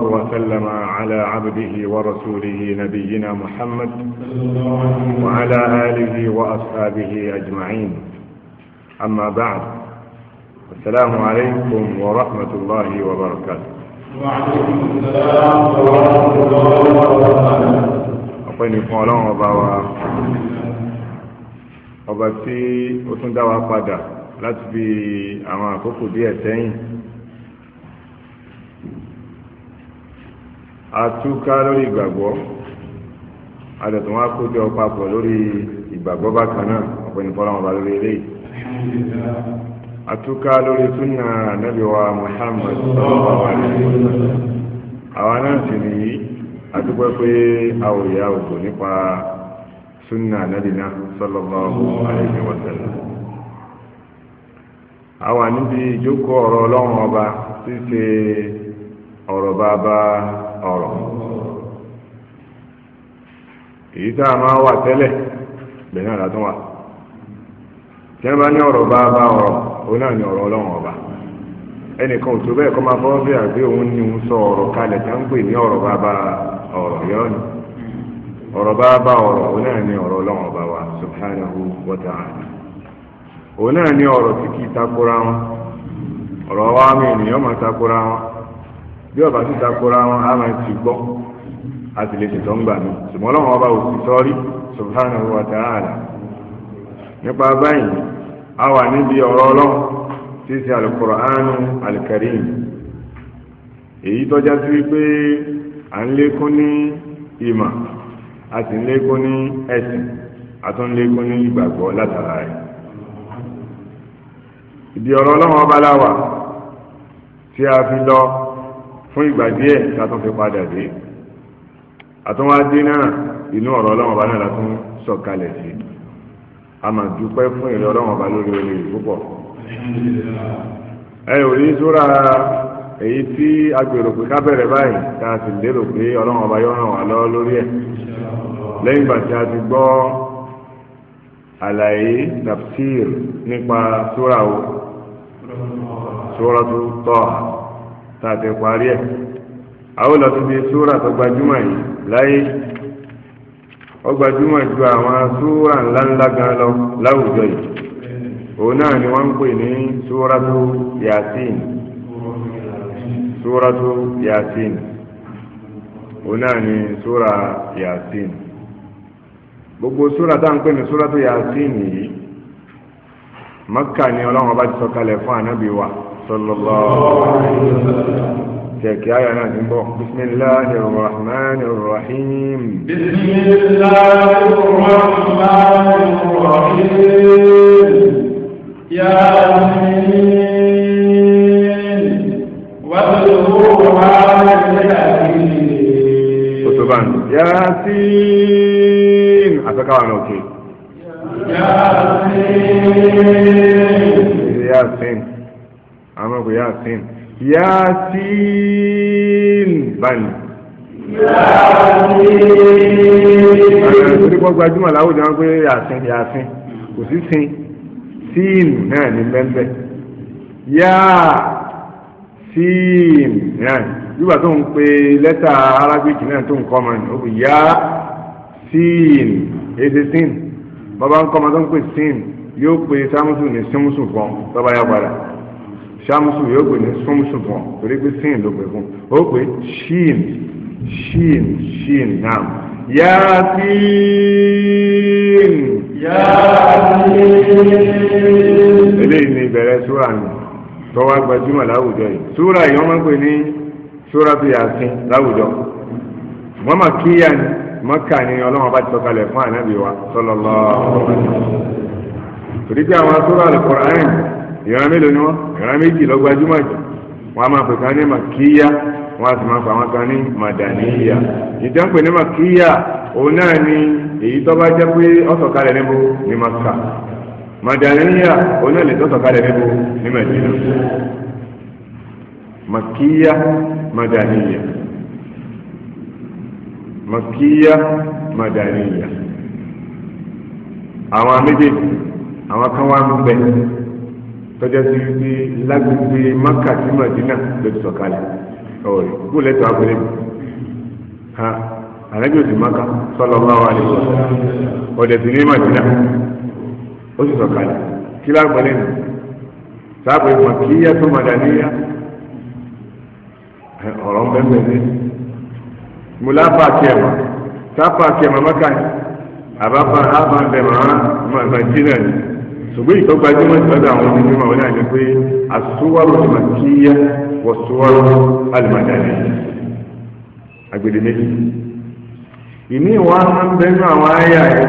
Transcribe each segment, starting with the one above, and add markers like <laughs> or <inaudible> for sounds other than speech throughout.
الله وسلم على عبده ورسوله نبينا محمد وعلى آله وأصحابه أجمعين أما بعد السلام عليكم ورحمة الله وبركاته وعليكم السلام ورحمة الله وبركاته أبني لكم الله ọba tí ó tún dá wa padà láti fi àwọn àkókò díẹ̀ sẹ́yìn atúká lórí ìgbàgbọ́ adẹ̀tún wa kó jọ papọ̀ lórí ìgbàgbọ́ bákan náà ọ̀pẹ ní fọlọ́wọn bá lórí eléyìí atúká lórí súnà wa Muhammad sallallahu alaihi wasallam àwa náà sì nìyí adúpẹ́ pé àwòyá òkò nípa súnà ànábì náà sallallahu alaihi wasallam àwa níbi ìjókòó ọ̀rọ̀ ọlọ́run ọba ṣíṣe ọ̀rọ̀ ọ̀rọ̀ èyí tá a máa wà tẹ́lẹ̀ bẹ́ẹ̀ náà látún bá ní ọ̀rọ̀ bá bá ọ̀rọ̀ òun náà ní ọ̀rọ̀ ọlọ́run ọba ẹnìkan ò bẹ́ẹ̀ kọ́ máa fọ́ bí àgbé òun ní òun sọ ọ̀rọ̀ kalẹ̀ tí ń ní ọ̀rọ̀ bá bá ọ̀rọ̀ ni ọ̀rọ̀ bá bá ọ̀rọ̀ òun náà ní ọ̀rọ̀ ọlọ́run ọba wa òun náà ní ọ̀rọ̀ tí kì í takora bí ọba tó takora wọn a máa ti gbọ́ a sì lè ṣètò ń gbà mí ṣùgbọ́n ọlọ́run ọba ò sì sọ́rí subhanahu wa ta'ala nípa báyìí a wà níbi ọ̀rọ̀ ọlọ́run tí í ṣe alukuraanu alkarim èyí tọ́já sí wípé à ń lékún ní ìmọ̀ a sì ń lékún ní ẹ̀sìn a tún ń lékún ní ìgbàgbọ́ látara rẹ̀ ìdí ọ̀rọ̀ ọlọ́run ọba láwà tí a fi lọ fún ìgbà díẹ̀ ká tó fi padà dé àtúnwá dé náà inú ọ̀rọ̀ ọlọ́wọ́n ọba náà látún sọ̀kalẹ̀ sí a mà dúpẹ́ fún ìrẹ́ ọlọ́wọ́n ọba lórí olè púpọ̀ ẹ ò ní sóra èyí tí a gbèrò pé ká bẹ̀rẹ̀ báyìí tá a sì lérò pé ọlọ́wọ́n ọba yóò ràn lọ́wọ́ lórí ẹ̀ lẹ́yìn ìgbà tí a ti gbọ́ àlàyé tafsir nípa sóra o sóra tó tọ́ a. tàbí parí ẹ̀ àwọn lọ síbi tó gbajúmọ̀ yìí láyé ó gbajúmọ̀ ju àwọn ńláńlá gan lọ láwùjọ yìí òun náà ni wọ́n ń pè ní súratu yasin ni súrà yasin gbogbo súrà tá à ń pè ní súratu yìí ni ọlọ́run sallallahu alaihi wasallam kẹ̀kẹ́ ayọ̀ náà ti ń bọ̀ bisimilahi rahman rahim. bisimilahi rahman rahim. yasin wàlúwà yasin. o tó bá ń yasin àtọ́káwá àmọ́ kò yasin yasin báyìí. yasin. àwọn ìgbòdìpọ̀ gbajúmọ̀ láwùjọ wọn pé yasin yasin kò sí sin sin náà ní bẹ́ẹ̀ yasin náà yíwà tó ń pe lẹ́tà arábíkì náà tó ń kọ́ ọmọ nù yasin èdè sin bàbá ń kọ́ ọmọ tó ń pè sin yóò pe samusu ní samusu fún bàbá yá padà ṣàmùsùn yóò pè ní súnmùsùn fún ọ torí pé sin ló pè fún ó pè ṣìn ṣìn ṣìn náà yaasin yaasin eléyìí ni ìbẹ̀rẹ̀ súra ni tọ́wọ́ gbajúmọ̀ láwùjọ yìí súra yìí wọ́n máa ń pè ní súra tó yaasin láwùjọ wọ́n máa kíyà ni mọ́kà ni ọlọ́run bá ti sọ̀kalẹ̀ fún ànábì wa torí pé àwọn súra Al-Qur'an ìran mélòó ni wọ́n ìran méjì ló gbajúmọ̀ jù wọ́n á máa pè kan ní màkíyà wọ́n á sì máa pè àwọn kan ní màdàníyà ìjọba pè ní màkíyà òun náà ni èyí tó bá jẹ́ pé ọ̀sọ̀kalẹ̀ níbo ní màkà màdàníyà òun náà lè tó ọ̀sọ̀kalẹ̀ níbo ní màdínà màkíyà màdàníyà màkíyà màdàníyà àwọn méjèèjì àwọn kan wá ń bẹ tọ́jà sí wípé lágbègbè maka sí madina ló ti sọ̀kalẹ̀ ọ̀rẹ́ kó lẹ́tọ̀ abúlé mi ha ànábì òsì maka sọlọ bá wà lè wọ́n ọ̀dẹ̀ sí ní madina ó ti sọ̀kalẹ̀ kí lágbàlẹ̀ nù sáàbù ìmọ̀ kí yẹ tó madaniya ọ̀rọ̀ ń bẹ́ẹ̀ bẹ́ẹ̀ mùláfà kẹwàá sáfà kẹwàá maka àbáfà àbá bẹ̀rẹ̀ mọ̀ mọ̀ jìnnà yìí ṣùgbọ́n ìtọ́ gbajúmọ̀ ìtọ́jú àwọn onímọ̀ wọn náà ni pé àsúwárò ti máa kí yá wọ súwárò alìmọ̀dáni agbèdè méjì ìní ìwà máa ń bẹnu àwọn àyà rẹ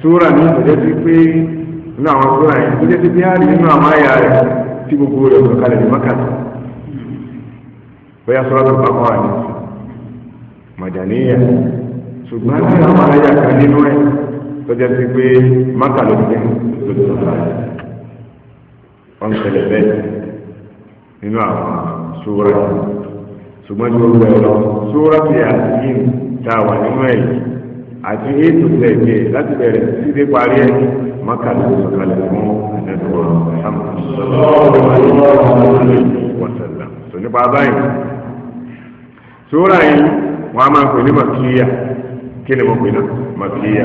súra ní ìtọ́jọ́ sí pé nínú àwọn súra yẹn tó jẹ́ sí pé nínú àwọn àyà rẹ tí gbogbo rẹ̀ kọ̀ kalẹ̀ ní mákàtí bóyá súra tó pàpọ̀ àdé mọ̀dàníyà ṣùgbọ́n ní àwọn àyà kan nínú ẹ̀ tọ́jà sí pé máka ló ti ló ti sọ̀tà wọ́n ń ṣẹlẹ̀ bẹ́ẹ̀ nínú àwọn ṣúra ṣùgbọ́n tí ó bẹ̀ lọ ṣúra ti àtìyìn tá a wà nínú ẹ̀ àti ètò tẹ̀lé láti bẹ̀rẹ̀ sí dé parí ẹ̀ máka ló ti sọ̀tà lẹ̀ fún ẹ̀dẹ̀gbọ̀n wọ́sẹ̀lá tó nípa báyìí ṣúra yìí wọ́n á máa pè ní màkìyà kí ni mo pè náà màkìyà.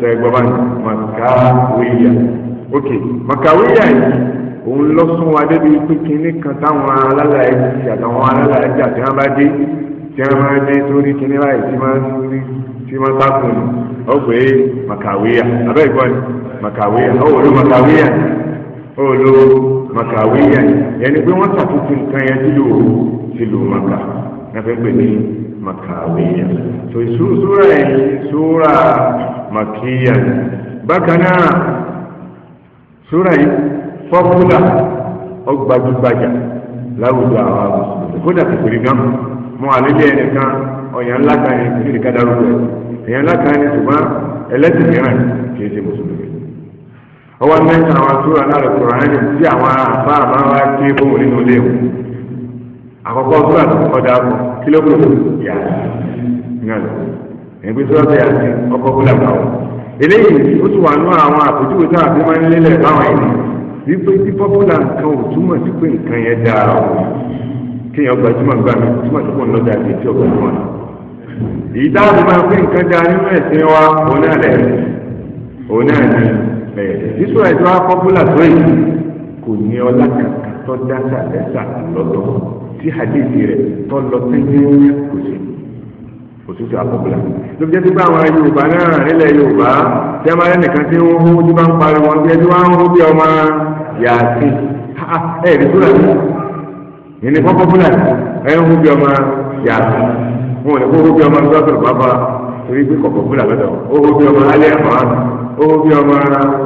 sẹ́gbọ́ báyìí màkàwéyà ok màkàwéyà yìí òun lọ sún wa débi pé kinní kan táwọn alálàyé ti àtàwọn alálàyé jà tí wọ́n bá dé tí wọ́n máa dé sórí kinní báyìí tí wọ́n rí tí wọ́n bá kùn ó pè é màkàwéyà abẹ́ ìgbọ́ ni màkàwéyà ó wòlò màkàwéyà ó wòlò màkàwéyà yẹn ni pé wọ́n ṣàtúntò nǹkan yẹn sílùú sílùú màkà náà fẹ́ pè ní. makawiya so sura sura makiya bákan sura yìí fọ́kúlà láwùjọ àwọn mùsùlùmí kódà kòkòrò gan mọ àlejò ẹnìkan ọ̀yàn ńlá kan ní kí nìkan darúgbó ẹ̀ ńlá kan ní ṣùgbọ́n ẹlẹ́sìn mìíràn kì í ṣe mùsùlùmí ọwọ́ mẹ́ta àwọn tí àwọn afá àbáwá ké nínú àkọ́kọ́ sọ́ra tó kọ́ da kọ́ kílógún yà ní àlọ́ ẹgbẹ́ sọ́ra tó yà sí ọkọ̀ kó làbà wọn. eléyìí ó sì wà nú àwọn àpèjúwe tá a fi máa ń lélẹ̀ báwọn ẹni wípé tí pọ́pùlà nǹkan ò túmọ̀ sí pé nǹkan yẹn dáa o kéèyàn gbajúmọ̀ gbà mí túmọ̀ sí pé lọ́dà àti ètí ọ̀gbà tó wà. ìdáàbò máa pé nǹkan dáa nínú ẹ̀sìn wa òun náà lẹ̀ òun náà tí hadithi rẹ̀ tó lọ pínpín kò sí òtútù àkọ́bùlà ló fi jẹ́ pé báwọn yorùbá náà nílẹ̀ yorùbá tí a máa rẹ́ nìkan tí wọ́n hó tí bá ń parí wọn bí ẹni wọ́n á ń hó bí ọmọ yàtí ẹ̀ rí fúlà ní ìní fọ́fọ́ fúlà ẹ̀ ń hó bí ọmọ yàtí wọn ò ní kó hó bí ọmọ gbọ́dọ̀ bàbá torí pé kọ̀kọ́ fúlà lọ́dọ̀ ó hó bí ọmọ alẹ́ àmọ́ ó hó bí ọmọ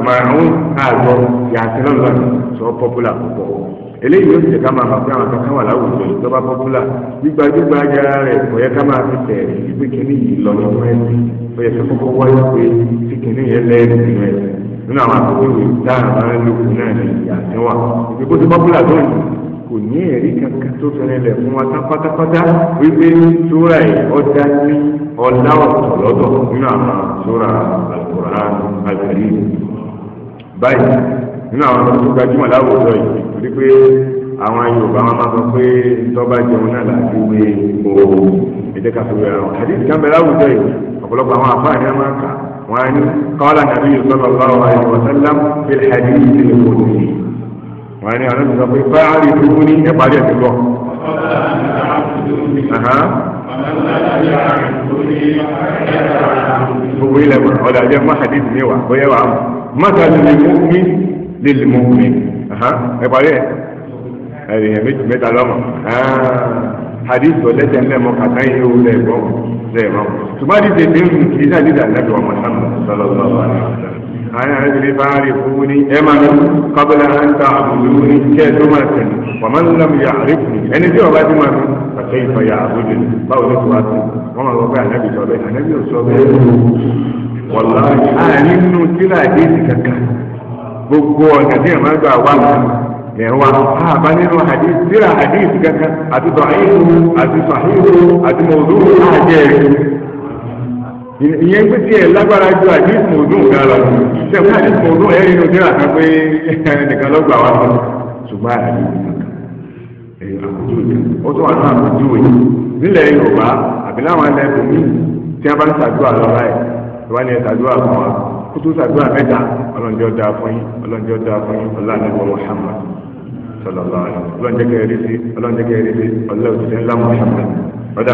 màrún àgbọ̀ yàtí lọ́nà sọ pọ́pùlà púpọ̀ eléyìí yóò ṣe ká máa ma pé àwọn akẹ́kọ̀ọ́ wà láwùjọ ìjọba pọ́pùlà gbígbàgbígbà ara rẹ̀ kò yẹ ká máa fi tẹ̀ ìgbé kínní yìí lọ nínú ẹ̀sìn ó yẹ kí kókó wáyé pé tí kínní yẹn lẹ́ẹ̀sì nínú ẹ̀sìn nínú àwọn akẹ́kọ̀ọ́ ìwé dáhà máa ń lòkù náà ní ìyàsìn wa ìgbé bó ti pọ́pùlà tó kò ní ẹ̀rí kankan tó fẹ́rẹ̀ lẹ̀ fún wa tán pátápátá wípé sóra ẹ̀ ọjà ní ọ̀la ọ̀tọ̀ lọ́dọ̀ nínú àwọn sóra Al-Qur'an báyìí nínú àwọn tó tó gbajúmọ̀ láwùjọ yìí torí pé àwọn Yorùbá wọn máa sọ pé tọ́ba jẹun náà láti wé ooo èdè kàfíwé ẹran àdéhùn ìjàmbá láwùjọ yìí ọ̀pọ̀lọpọ̀ àwọn àfáà ni wọ́n máa ń kà wọ́n á ní kọ́lá nàbí yusuf ọlọ́wọ́ àyè wọ́sálàm fi hàdí ìdílé kòtì wọ́n á ní àwọn ọ̀dọ́ sọ pé fáárì dúró ní ẹ̀pàdé ẹ̀sìn bọ̀. gbogbo ilẹ̀ mọ̀ ọ̀dà jẹ́ mọ́ hadith mi wà bóyá wà á lílì mú mi ẹ parí ẹ ẹ̀yìn méjì mẹ́ta lọ́mọ hadith ọ̀lẹ́sẹ̀ ńlẹ̀ mọ́ kàtá yìí ó lẹ̀ gbọ́n lẹ̀ mọ́ ṣùgbọ́n àdìsẹ ti ń kì í sàdìsẹ àlẹ́bí ọmọ sàmù sọlọ́lọ́ àwọn àdìsẹ bá rí fún ní ẹ máa ní kọ́bílà ń ta àbùdó ní kẹ́ ẹ tó máa tẹ̀ wọ́n máa ń lọ bí àrí fún ẹni tí ọba ti máa fi pàṣẹ ìfọ̀ ya àbújá báwo ló ti wá sí wọ́n máa lọ bá àlẹ́bí sọ bẹ́ẹ̀ àlẹ́bí ò sọ bẹ́ẹ̀ wọ́n lọ gbogbo ọ̀nà tí ìmọ̀ ẹgbà wà lẹ́wà àbá ah, nínú hadith síra hadith kankan àti dọ̀hìnú àti sàhìnú àti mọ̀ọ́dún àjẹ́ ah, rẹ̀ ìyẹn pé tí ẹ lágbára ju hadith mọ̀ọ́dún ga lọ sẹ́wọ́n hadith mọ̀ọ́dún ẹ̀ nínú síra kan pé nìkan ló gbà wá lọ ṣùgbọ́n hadith kankan àkójú ìjà ó tún wà ní àkójú ìjà nílẹ̀ Yorùbá àbí kótó sàdúrà mẹ́ta ọlọ́njọ́ dáa fún yín ọlọ́njọ́ dáa fún yín ọlọ́njọ́ Muhammad sallallahu alaihi ọlọ́njẹ́ kẹrì sí ọlọ́njẹ́ kẹrì sí ọlọ́njẹ́ ńlá Muhammad ọ̀dà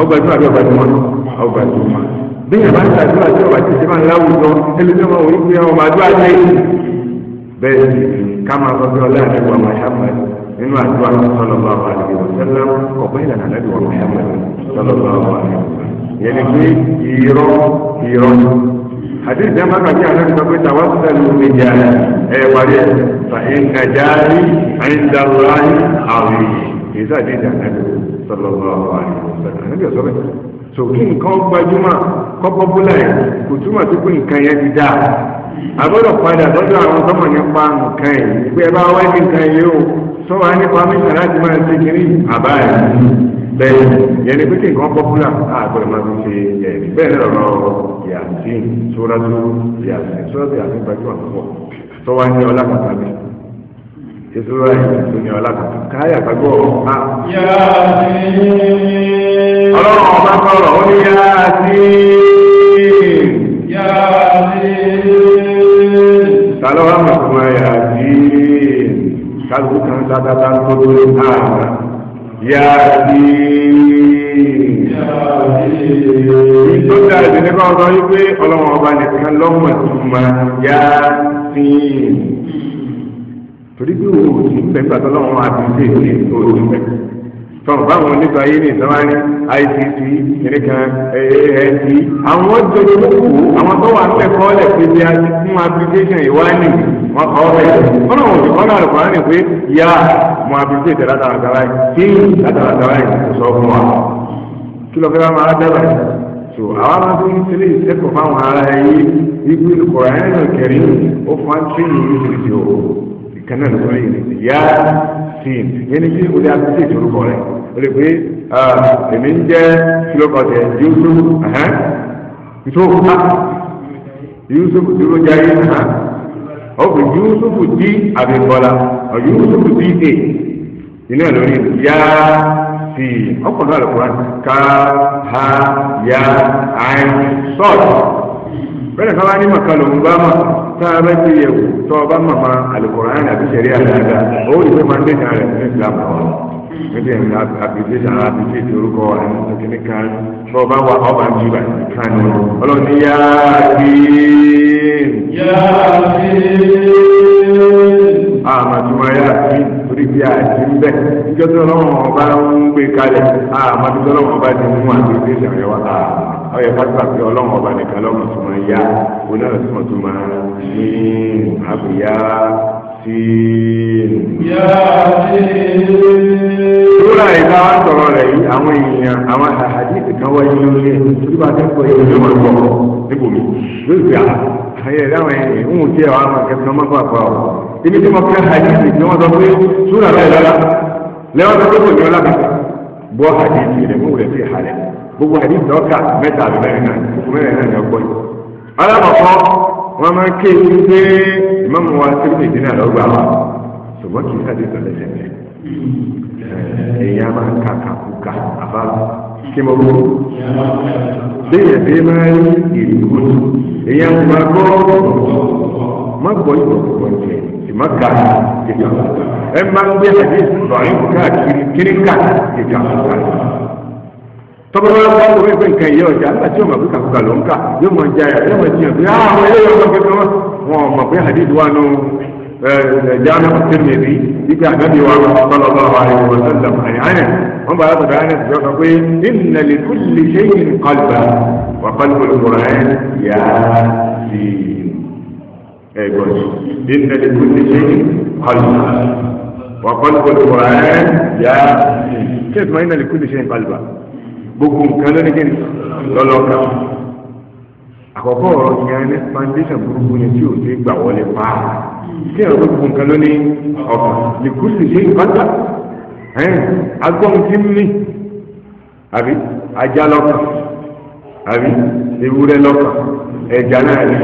ọgbà tó àbí ọgbà tó mọ́ ọgbà tó mọ́ bẹ́ẹ̀ bá ń sàdúrà tí ọba ti ṣe máa ń láwùjọ ẹlẹ́jọ́ máa wọlé pé ọmọ àdúrà ṣe bẹ́ẹ̀ sì ká sọ pé ọlọ́njẹ́ Muhammad nínú àdúrà sallallahu alaihi wasallam ọ̀pẹ́ ìlànà lẹ́dùn Muhammad sallallahu alaihi حديث جمع كثير عن النبي توسلوا بجاري اي ولي فان جاري عند الله عظيم اذا جيت النبي صلى الله عليه وسلم النبي صلى الله عليه وسلم sòkí nǹkan gbajúmọ̀ kọ́pọ́pọ́lá yẹn kò túmọ̀ sí pé nǹkan yẹn ti dáa àbọ̀dọ̀ padà lọ́dọ̀ àwọn sọ́mọ̀ nípa nǹkan yìí pé ẹ bá wá ní nǹkan yìí o sọ́wọ́ ya mísàn láti bẹ́ẹ̀ yẹn ni pété nǹkan pọ́pùlà àgbọ̀dọ̀ máa fi ṣe ẹ̀rí bẹ́ẹ̀ náà lọ́rọ̀ yàtí sóràtú yàtí sóràtú yàtí gbajúmọ̀ púpọ̀ tọ́wá ní ọlákàtà mi ìṣòro àyè tó ní ọlákàtà káyà gbàgbọ́ ọ̀há. ọlọ́run ọba sọ̀rọ̀ ó ní yáàtí. yáàtí. ta ló wá mọ̀ fún ẹ yàtí kálukú kan dáadáa tó lórí náà. Ya di yàtí tó dáa ìdílé kan sọ wípé ọlọ́wọ́n ọba nìkan lọ́mọ ìtumọ̀ yàtí torí pé òun ò sí ń bẹ̀ ń gbàtọ́ lọ́wọ́n àti ìdílé ìdílé òun ń bẹ̀ tọ́ báwọn onígbà yìí ní ìsọ́wárí ICT nìkan AAST àwọn jọjọ lókùú àwọn tó wà ń tẹ̀kọ́ lẹ̀ pé bí a ti fún application ìwádìí wọn kọ́ bẹ́ẹ̀ wọn náà wọ́n ti kọ́ náà lọ́kọ́ á ní pé yá mo àbíké ìtẹ̀ látara tara yìí tí látara tara yìí kò sọ fún wa kí ló fẹ́ bá máa dábàá yìí tó àwọn máa tó ń tẹ́lẹ̀ ìṣẹ́kọ̀ fáwọn ará yìí wípé olùkọ́ ẹ̀ náà kẹrí ó fún àtúnyìn ní ìrìnsì o ìkànnà lọ́kọ́ ìrìnsì yá sí yẹn ni pé olè àbíké ìtòlùkọ rẹ̀ olè pé èmi ń jẹ́ kílókọ̀tẹ̀ Yusuf ah, Yusuf Yusuf dúró jáde ọkùn Yusuf di abibọla Yusuf di e iná lórí ya si ọkùnrin alukura ka ha ya ayin sọọtù bẹ́ẹ̀ ká bá ní màkà lòún bá mà tá a bá ti yẹ wò tọ́ ọ bá mà má alukura ayin àti sẹ̀rí ó yẹ fẹ́ máa ń dẹ́jà rẹ̀ ní ìlànà ọ̀rọ̀ níbi ẹ̀yìn application application orúkọ àìmọ̀tẹ́kẹ́ni kan bọ́ ọba wa ọba ń jìbà kan ní ọlọ́run ní ah, yá bí. yá bí. àmàtúmọ̀ yá bí torí bí àti ń bẹ̀ níjọ́ tí ọlọ́run ọba ń gbé kalẹ̀ àmàtúmọ̀ ah, ọlọ́run ọba ti mú application yẹn wá ọyọ ah, kápá pé ọlọ́run ọba nìkan lọ́mọ̀ tó máa yá onáà máa ní àbúyá. Yasin. Yasin. Sura ìta wá sọ̀rọ̀ rẹ̀ yìí àwọn èèyàn àwọn àhàdìsì kan wáyé lórí ẹ̀ tí bá ti ń pọ̀ èèyàn máa gbọ́ níbo mi. Lóòtù à ayé ẹ̀dá àwọn èèyàn ń wù tí ẹ̀ wá máa kẹ́kọ̀ọ́ máa pàpà ọ̀. Ibi tí mo fẹ́ àhàdìsì tí wọ́n sọ pé Sura rẹ̀ lọ́la lẹ́wọ́n sọ pé kò ní ọlá kàkà gbọ́ rẹ̀ mú rẹ̀ sí ìhàlẹ̀. Gbogbo àhàdìsì ọkà mẹ́ta àbẹ̀mẹ́rin náà wọn máa ké ewu pé ìmọ̀mù wa tó lè dín àlọ́ gbà wá ṣùgbọ́n kì í sáré tó lẹ́sẹ̀ mẹ́. èèyàn máa ń ka kàkúkà kí mo kú. máa ń máa gbọ́ má gbọ́ jẹ ìmọ̀ ká ẹ máa ń gbé àdéhùn lọ́yìn káàkiri tọ́gbọ́n bá wọ́n wọ́n fẹ́ nǹkan ìyẹ́ ọ̀jà nígbà tí wọ́n mọ̀ pé kàkúkà ló ń kà yóò mọ̀ jayà yóò mọ̀ jiyàn pé àwọn ilé yóò mọ̀ pé wọ́n wọ́n mọ̀ pé hadith wà nù jáàmù tẹ̀mẹ̀rì ibi ànábì wa sallallahu alaihi wa sallam àyànà wọ́n bá yàtọ̀ dáhánà sí ọkọ̀ pé inna li kulli shay'in qalba wà qalbu al-Qur'an Yasin ẹ̀gbọ́n inna li kulli shay'in qalba wà qalbu al-Qur'an Yasin kí ẹ̀sùn máa inna li kulli shay'in qalba. gbogbo nǹkan lónìí lọ́lọ́ka àkọ́kọ́ ọ̀rọ̀ yẹn ní foundation burúkú ni tí o ti gbà wọlé pa kí ẹ̀rọ gbogbo nǹkan lónìí ọ̀kan lìkúsì ṣe ìbáta agbọ́n ti ń mí àbí ajá lọ́kàn àbí ewúrẹ́ lọ́kàn ẹja náà ní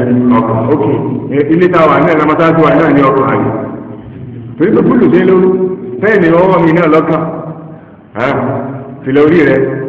ọkàn ókè ilé táwa náà lámọ́tàdó wa náà ní ọkàn àbí torí pé búlù ṣe lóru bẹ́ẹ̀ ni ọwọ́ mi náà lọ́kàn fìlà orí rẹ̀.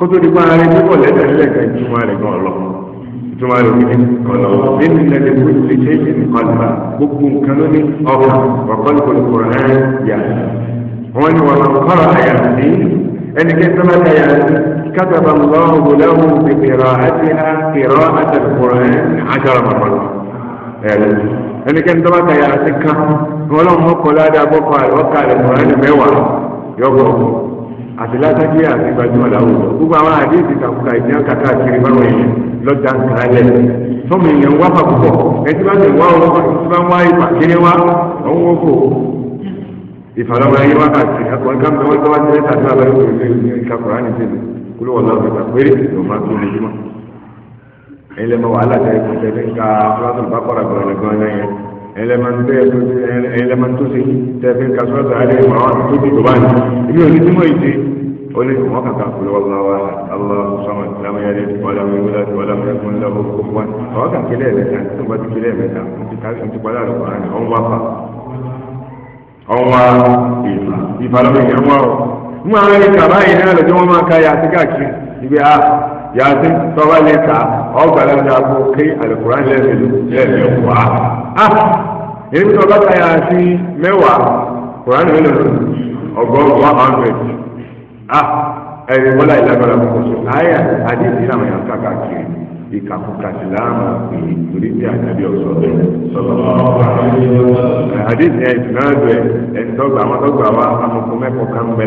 kótó di pa ara ẹni bọ̀ lẹ́sẹ̀ nílẹ̀ kan jí wọn rẹ̀ gan lọ ìtumọ̀ rẹ̀ kìíní kan lọ nínú ilẹ̀ lè kó lè ṣe é ní kọlùbà gbogbo nǹkan ló ní ọkà ọ̀kọ́lùkọ̀lù kọ̀ọ̀rọ̀ náà yà wọ́n ní wọn kọ́rọ̀ àyà sí ẹnikẹ́ni tó bá ta yà sí kátàbà lọ́wọ́ lẹ́wọ́ ìpèrọ̀ àti àpèrọ̀ àtàkùrọ̀ àṣàrọ̀ mọ̀kọ́lù ẹnikẹ́ni tó ta yà sí kan ọlọ́run mọ́kànlá dàbọ̀kọ̀ àlọ́kà rẹ̀ mọ̀rẹ́ àti lásàkíyà àti gbajúmọ̀ láwùjọ gbogbo àwọn àdéhùn ìtàkùkà ìdíyàn kàkà àkiri báwọn èèyàn lọ́jà nkàlẹ̀ tọ́mọ èèyàn wá fà púpọ̀ ẹtí bá ti wá ọlọ́pàá tí bá ń wá ìfà kéré wá ọ̀hún ó fò ìfàlọ́wọ́ ayé wá kàkiri akọ̀ọ́n kámi wọ́n tọ́wọ́ tẹ́lẹ̀ tàbí abẹ́rẹ́ òṣèlú ìkàkùrọ̀ á ní tẹ́lẹ̀ kúlọ̀wọ̀ lọ́wọ́ ìgbà péré ló máa tó lójúmọ́ ẹlẹ́mọ̀ wàhálà tẹ́lẹ̀ kọ́tẹ́lẹ̀ ká fúlásùn bá kọ́ra gbọ̀ngàn yẹn ẹlẹ́mọ̀tò ṣe tẹ̀fẹ́ kásọ̀tà alẹ́ ìmọ̀ràn tó ti tó báyìí ibi òní tí mo ì ṣe ó ní wọn kàkà kúlọ̀ wà láwa aláwọ̀ sọ́mọ̀ lámúyálé wàlá wíwúlá tí wàlá mẹ́rin fún lọ́wọ́ gbogbo wọn àwọn kà kílẹ̀ mẹ́ta tó bá ti kílẹ̀ mẹ́ta ti ká ti padà lọ́wọ́ àná ọ̀n wá fà ọ̀n wá ìfà ìfà lọ́wọ́ ìyẹn wá o mú àwọn ẹni kàbá yìí náà lọ́jọ́ wọn máa ka yàtí káàkiri ibi a yàtí tọ́wálé ta ọgbàlá dàbò ké alukóran lẹ́ẹ̀mẹ́lú lẹ́ẹ̀mẹ́wàá ah èyí tó bá ta yàrá 100 mẹ́wàá koran ah ẹ̀yìn wọlé ìlágbára kọ̀ọ̀sọ̀ ayé adịghị ìsìlámù yàn káàkiri ìkàkùkà ìsìlámù pé torí tí àjẹbí ọ̀sọ̀ bẹ́ẹ̀ sọ̀rọ̀ àdé ẹ̀ ìsìlámù ẹ̀ ẹ̀ dọ́gba àwọn dọ́gba wa amọ̀kọ kan bẹ wa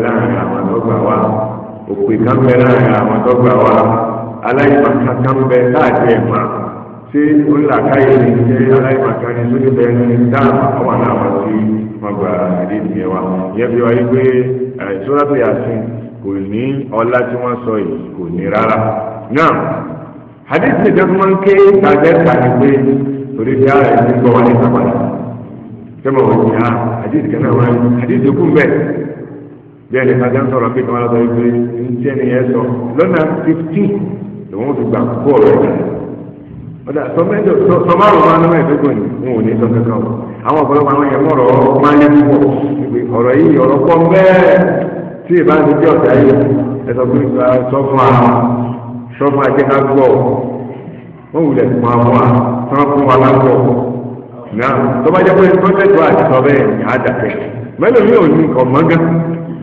kan bẹ wa kan bẹ ṣé onílàkàyè ni ṣé aláìmọ̀ká ni tó ní bẹ́ẹ̀ ni dáhùn àwọn àwọn àwọn tí wọ́n gba ìdí ìdíyẹ wa ìyẹn fi wáyé pé Suratu Yasin kò ní ọlá tí wọ́n sọ yìí kò ní rárá náà hadith ni jẹ́ fún wọn ké tàbẹ́ta ni pé torí bí ara ẹni gbọ́ wọn ní sábàá kẹ́mọ̀ wọ́n ti hàn hadith kan náà wọ́n hadith kún bẹ́ẹ̀ bẹ́ẹ̀ ni kájá ń sọ̀rọ̀ pé kí wọ́n lọ́dọ̀ yìí pé ń jẹ́ ni ẹ sọ lọ́nà fifteen lòun ti gbà kó ọ̀rọ̀ yìí ọ̀dà sọmárùn máa ń náà ìdógún ni wọn ò ní sọ kankan o àwọn ọ̀pọ̀lọpọ̀ àwọn yẹn mọ̀rọ̀ máa ń lé púpọ̀ ọ̀rọ̀ yìí ọ̀rọ̀ pọ̀ bẹ́ẹ̀ tí ìbá ti jẹ́ ọ̀dà yìí ẹ sọ pé sọ fún wa sọ fún ajé ká gbọ́ wọn wulẹ̀ fún wa fún wa sọ fún wa lágbọ́ náà tó bá jẹ́ pé tọ́jú ẹ̀tọ́ àti sọ bẹ́ẹ̀ ni àdàkẹ́ mẹ́lòmí ò ní nǹkan mọ́gán.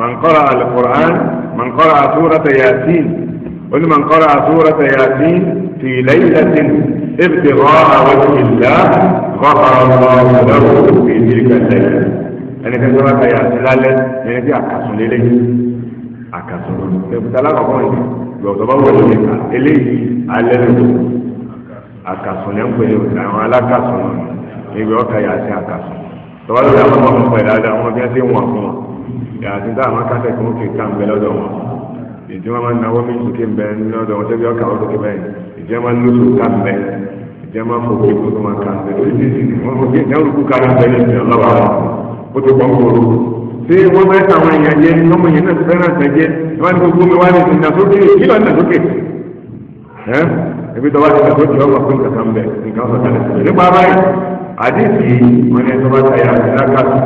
من قرأ القرآن، من قرأ سورة ياسين، Yasin ó ní man qara'a surata Yasin fi laylatin الله wajhillah ghafara Allahu lahu fi tilka al-layla ẹni tí wọ́n ka Yasin lálẹ́ ẹni tí àkàtún lélẹ̀ àkàtún ẹ̀kúta alákọ̀ọ́kọ́ yìí gbọ̀dọ̀ bá wọlé níta eléyìí alẹ́ lọ́wọ́ àkàtún lẹ́ńpẹ́ àwọn alákàtún ìgbẹ́ ọ̀ka Yasin àkàtún tọ́wọ́ àwọn ọmọ ọmọ ẹ̀dá àwọn ọmọ bí wọ́n ti ń wọ̀ fún wọn tá àti táwọn akásẹ̀ kó kì í ká ń bẹ lọ́dọ̀ wọn ìdí wọn máa ń náwó méjì kí ń bẹ lọ́dọ̀ wọn tẹ́bí ọkà ọdún kí bẹ́ẹ̀ ìdí wọn máa ń lóṣù ká ń bẹ ìdí wọn máa ń fòkè kó tó máa ká ń bẹ lóríṣiríṣi wọn fòkè ìdí wọn kú ká ń bẹ lẹ́sìn ọlọ́wọ́ àwọn ó ti pọ́n kóró ṣé wọ́n máa ń tàwọn èèyàn jẹ ọmọ yẹn náà fẹ́ràn tẹ̀ jẹ wọ́n ti gbogbo mi wá ní ìdàsókè kí lọ́ọ́ ìdàsókè ebi tọba ti tẹ̀sọ́ tí ọmọ fún kankan bẹ̀ nǹkan sọ̀tẹ̀lẹ̀ nípa báyìí àdéhùn yìí wọn ni ẹ tọba tẹ̀yà ẹ̀ lákàtà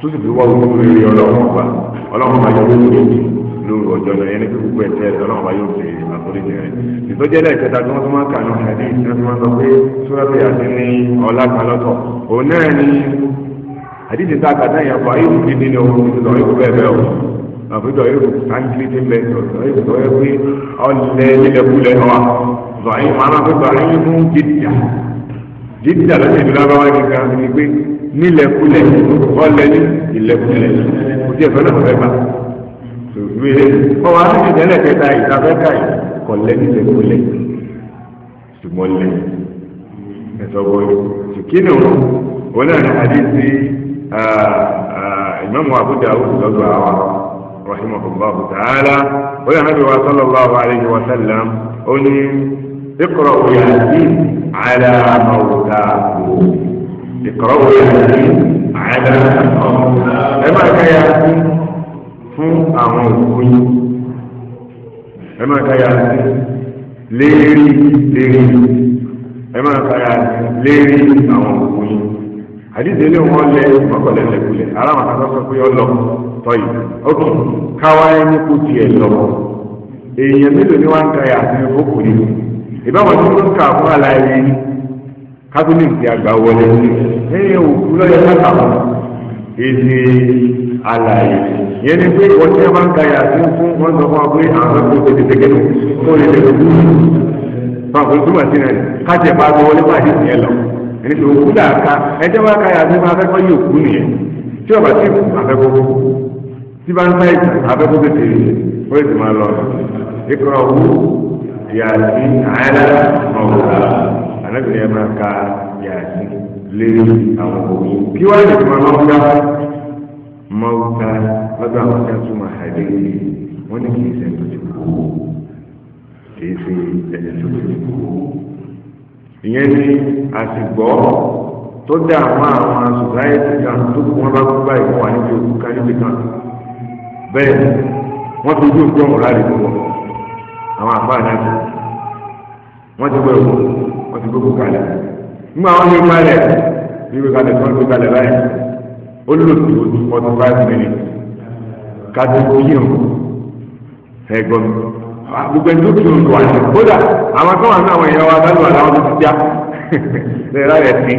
tó sì fi wọ́n gbogbo rere ọlọ́run ọba ọlọ́run máa yọ lórí èyí lórí ọjọ́ náà yẹn ní gbogbo ẹ̀tẹ́ ẹ̀tẹ́ ọlọ́run bá yóò fi èrè máa tó léjì rẹ̀ ìtọ́jẹ́ lẹ́ẹ̀kẹta tí wọ́n tún máa ń kà ní ọ̀hẹ́dí tí wọ́n tún máa ń sọ pé sọ́ọ́sì àti ní ọlá kan lọ́tọ̀ òun náà ni àdíjì tá a kà náà yẹn fọ ayé òfin nínú ohun ìtọ́ ìlú bẹ́ẹ̀ o àfihàn ìlú sáńkìlì ti bẹ ọ̀sán ìlú tó yẹ pé ọ̀lẹ́ nílẹ̀kulẹ̀ wa zọ̀ọ́yìn máa ń fẹ́ zọ̀ọ́yìn mú jìdìjà jìdìjà lọ́sẹ̀ ìlú lábáwá nílẹ̀kulẹ̀ ọlẹ̀ ní ìlẹ̀kulẹ̀ kò tí ẹ̀fọ́ náà fẹ́ bá wíwé kọ́ wa ní ìdẹ́lẹ̀ kẹta ìtafẹ́ka yìí kọ̀ lẹ́ nílẹ̀kulẹ̀ ṣùgbọ́n lẹ́ ẹ̀sọ́ bọ́ ṣùkínú wọn náà ní àdínsí ìmọ̀mù àbújá òṣìṣọ́dọ̀ àwa rahimahullah ta'ala wọn náà bí wa sallallahu alayhi wa sallam ó ní iqra'u yasin ala ìkọ̀rọ̀wé ìrìn àìdá ẹ máa káyà fún àwọn ẹ máa káyà léèrí léèrí ẹ máa káyà léèrí àwọn àdìsí ilé wọn mọ́kànlélẹ́kulẹ̀ pé tọ́yì ókè káwá ẹni kú tiẹ̀ lọ èèyàn mélòó ni wọ́n ń káyà ń kà fún àlàyé kátólíìkì àgbà wọlé ẹ̀yìn òkú lọ́yẹ̀ látàwọn èdè alàyè yẹn ni pé wọ́n tí wọ́n bá ń ka yà sí fún wọ́n sọ fún wa pé àwọn ọ̀dọ́ tó ti nù kó lè tẹ̀gẹ́ nù fún àwọn tó wà sí náà kájẹ̀ bá gbọ́ wọlé pàdé tiẹ̀ lọ ẹni tó òkú là ká ẹjẹ́ wá ka yà sí fún afẹ́kọ́ yìí òkú nìyẹn tí ọba ti kú tí bá ń bá ìtàn afẹ́kọ́ tètè ó lè tì máa lọ ikọ̀ ọ̀hún yà sí àyẹ̀lá ọ̀hún anábìrin ẹ máa ka yàtí lérí àwọn òbí kí wàá lè fún ọmọ ọgá mọ́wúta lọ́dọ̀ àwọn ọgá tó máa hàdé wọ́n ní kí ìṣẹ́ tó ti kú kì í ṣe ẹ̀jẹ̀ tó ti kú. ìyẹn ni àsìgbọ́ tó dá àwọn àwọn sòsáyẹ́tì kan tó kú wọn bá kú báyìí wọn wà níbi òkú kan níbi kan bẹ́ẹ̀ wọ́n fi ojú òkú ọ̀hún láre fún wọn àwọn àbá àdájọ́ wọ́n ti gbọ́ ẹ̀wọ̀n wọ́n ti gbogbo kalẹ̀ nígbà wọn ní kalẹ̀ ní gbogbo kalẹ̀ tí wọ́n gbogbo kalẹ̀ báyìí ó lò sí ojú forty five minutes kátó yíyan ẹ̀gbọ́n gbogbo ẹni tó kí òun tó wà ní kódà àwọn kan wà ní àwọn èèyàn wa sálùwà tó ti já lẹ́yìn <laughs> láyẹ̀ sí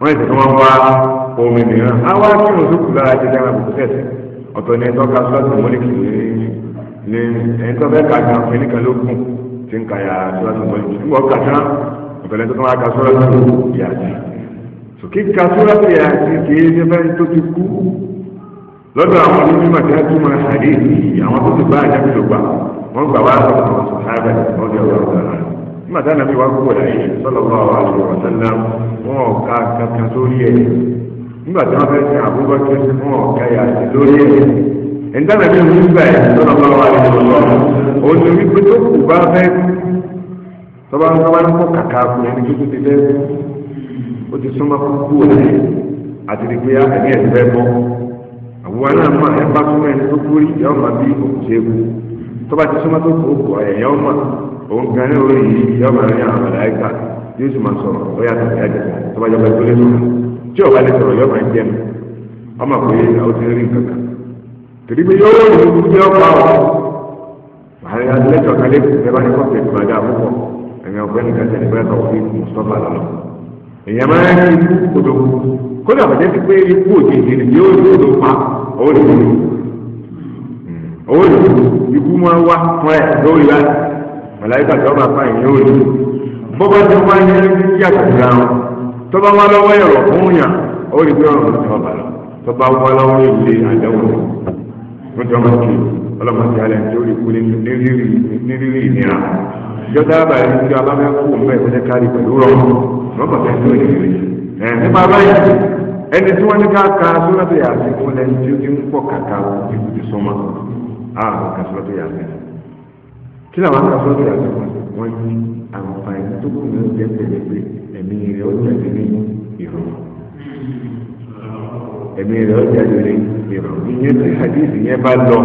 wọ́n ẹ̀sìn tí wọ́n wá omi mìíràn àwọn akíwọn tó kù lára jẹjẹrẹ àwọn àbùkù tẹ̀sẹ̀ ọ̀tọ̀ ni ẹ̀tọ́ ká sọ́ọ̀tì mọ́lẹ́kì ní ẹ̀ńtọ́ fẹ́ kàgbà fún ẹnìkan ló kù tí ń kàyà sọ́dọ̀tún sọ́dọ̀ tí wọ́n kà tán ìbẹ̀rẹ̀ tó tán wá ka sọ́dọ̀tún yàtì sòkè ka sọ́dọ̀tún yàtì kìí ṣe fẹ́ tó ti kú lọ́dọ̀ àwọn onímọ̀ tí a tún máa ṣàdé yìí àwọn tó ti bá àjábí ló gbà wọ́n gbà wá lọ́dọ̀ àwọn sọ̀tàbẹ̀ lọ́dọ̀ ọ̀rọ̀ ọ̀dọ̀ nígbà tá nàbí wá kúrò láyé sọ́lọ́gbà wà lọ́wọ́ sẹ́lá wọn ò ka kankan sórí ẹ̀ nígbà tí wọ́n fẹ́ sin àbúgbọ́ tí wọ́n ò ka yàtì lórí ẹ̀ ẹ̀ńdánà bí wọ́n ń gbà ẹ̀ sọ́lọ́gbà wà lọ́wọ́ ó ní wípé tó kù bá fẹ́ tọ́ba ń tọ́ba ń kọ́ kàkà fún ẹni tó tó ti fẹ́ ó ti súnmọ́ kúkú rẹ̀ àti ní pé ẹni ẹ̀ fẹ́ bọ́ àwọn náà mọ ẹ bá súnmọ́ ẹni tó kú rí ìyá ọmọ bí òkùnṣe kú tọ́ba ti súnmọ́ tó kù ó kù ẹ̀yà ọmọ òun kan ní orí yìí ìyá ọmọ rẹ̀ àwọn àlàyé gbà yóò sì máa sọ̀rọ̀ ó yàtọ̀ ìyá jẹ̀ tọ́ba jọba tó sọ̀rọ̀ tí ọba lè sọ̀rọ̀ yọ̀ọ́ máa jẹ́ mi ọmọ pé àwọn ti rí nǹkan kan tòdí yóò rí ibi ọ̀pá ọ̀ àárín adúlẹ́tọ̀ kan lẹ́kùn tẹ́ bá ní kọ́ọ̀tù ìgbàdá púpọ̀ ẹ̀yìn ọ̀gbẹ́ni kẹsẹ̀ ní bẹ́ẹ̀ tọ̀wọ́ fún mustapha lọ́nà máa ń fi ikú kodò kódà bàjẹ́ ti pé ikú yóò yóò pa owó lè owó lè ikú máa wá tó bá bá tó ọlọ́mọ ti alẹ́ tí ó lè kú ní rírì ìnira ìjọba àbáyé ní tí a bá fẹ́ kú òun bẹ́ẹ̀ kó jẹ́ káàdì pẹ̀lú rọrùn rọ́bà fẹ́ tó lè rí nípa báyìí ẹni tí wọ́n ní ká ka sóràtò yàtì fún lẹ́ni tí ó ti ń pọ̀ kàkà ìlú ti sọmọ àwọn kà sóràtò yàtì kí làwọn kà sóràtò yàtì fún wọn ní àǹfààní tó kù ní ó jẹ́ pẹ̀lẹ́pẹ̀ ẹ̀mí rẹ̀ ó jẹ́ ẹ̀mí rẹ̀ ó jáde ní ìrọ̀ ìyẹn tí hadith yẹn bá lọ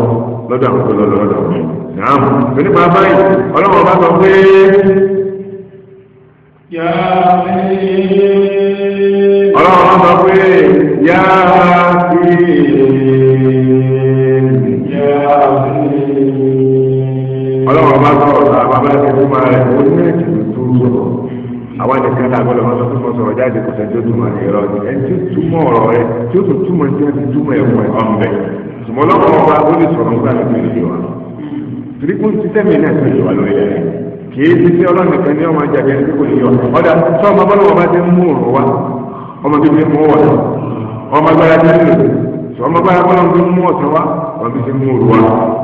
lọ́dọ̀ àwọn tó lọ lọ́dọ̀ mi. náà tóní máa báyìí ọlọ́run bá sọ pé. ọlọ́run bá sọ pé yáa. jáde kò sẹ́ni tó túmọ̀ ní ìrọ̀ ni ẹni tí ó túmọ̀ ọ̀rọ̀ rẹ tí ó tún túmọ̀ ní ẹni túmọ̀ ẹ̀wọ̀n ẹ̀ ọ̀nbẹ ṣùgbọ́n lọ́wọ́ ọba ó lè sọ̀rọ̀ nígbà tó lè yé wa tìrìkún ti tẹ́mi náà tó lè wà lórí ẹ̀ kìí ti sí ọlọ́run nìkan ní ọmọ ajá bẹ́ẹ̀ kò lè yọ ọ̀dà tí ọmọ bọ́lá ọba ti mú ọ̀rọ̀ wa ọmọ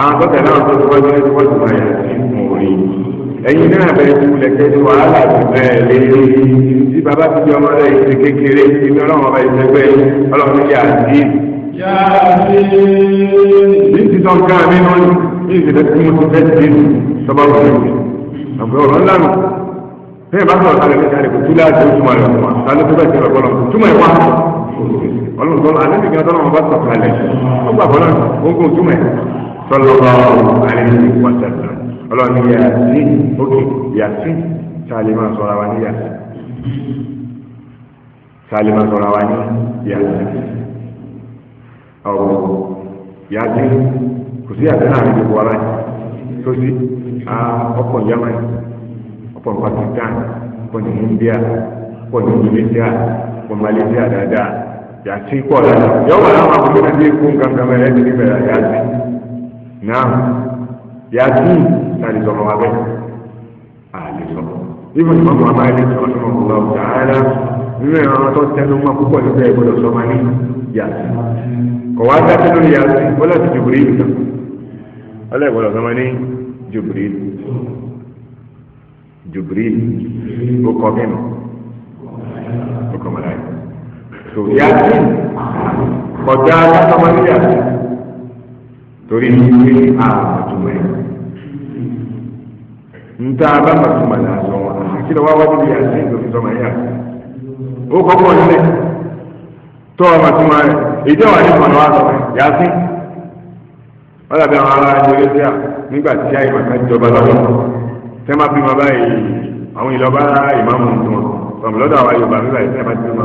àwọn tó tẹ̀lé àwọn tó ti wọ́jú ẹni wọ́jú máa yẹ sí fún orí ẹ̀yin náà bẹ̀rẹ̀ ti wulẹ̀ kẹ́ni wàhálà ti bẹ́ẹ̀ lé tí bàbá ti di ọmọ rẹ̀ ìṣe kékeré ìṣe ọlọ́run ọba ìṣẹ́gbẹ́ ọlọ́run yà á sí. ní ti sọ nǹkan mi náà ní ìṣẹ̀lẹ̀ tí mo ti fẹ́ sí sọ́bà wọ̀ mí ọ̀pẹ ọ̀rọ̀ ńlá nù bẹ́ẹ̀ bá sọ̀rọ̀ sálẹ̀ lẹ́sẹ̀ sallallahu alaihi wa sallam ọlọ́ni yàtí òkè yàtí sálímà sọ̀rọ̀ wa ní yàtí sálímà sọ̀rọ̀ wa ní yàtí ọ̀rọ̀ yàtí kò sí yàtí náà níbi wọ́lá tó sí ọkọ̀ Germany ọkọ̀ Pakistan ọkọ̀ ní India ọkọ̀ ní Indonesia ní ikú yàtí náà yàtí tàbí sọ̀rọ̀ wa bẹ́ẹ̀ àlè sọ. ibùn ìmọ̀ mọ̀ máa ní sọ̀rọ̀ sọ̀rọ̀ kò lọ́wọ́ sàárà nínú ìran tó tẹnu mọ́ púpọ̀ níbẹ̀ ìgbọ́dọ̀ sọ máa ní yàtí. kò wá dá tẹnu yàtí ó lọ́ọ̀ ti jùbìrì nìkan ọlọ́ ìgbọ́dọ̀ sọ máa ní jùbìrì jùbìrì ó kọ́ kẹ́nu ó kọ́ mọ́láyà. yàtí kọjá sọ́mọ́ ní yàtí. torí ní wípé àmàtúmọ̀ ẹ̀ nta bá màtúmọ̀ là sọ wọn àti lọ́wọ́ wájú bí ó kọ́kọ́ nílẹ̀ ẹ̀ wa wọ́n dàbí àwọn ará ẹgbẹ́ sí à nígbà tí àyè màkà jọba lọ́dọ̀ tẹ́ báyìí àwọn ìlọ́ba ìmáàmù tó wọn àwọn Yorùbá nígbà tí àyè má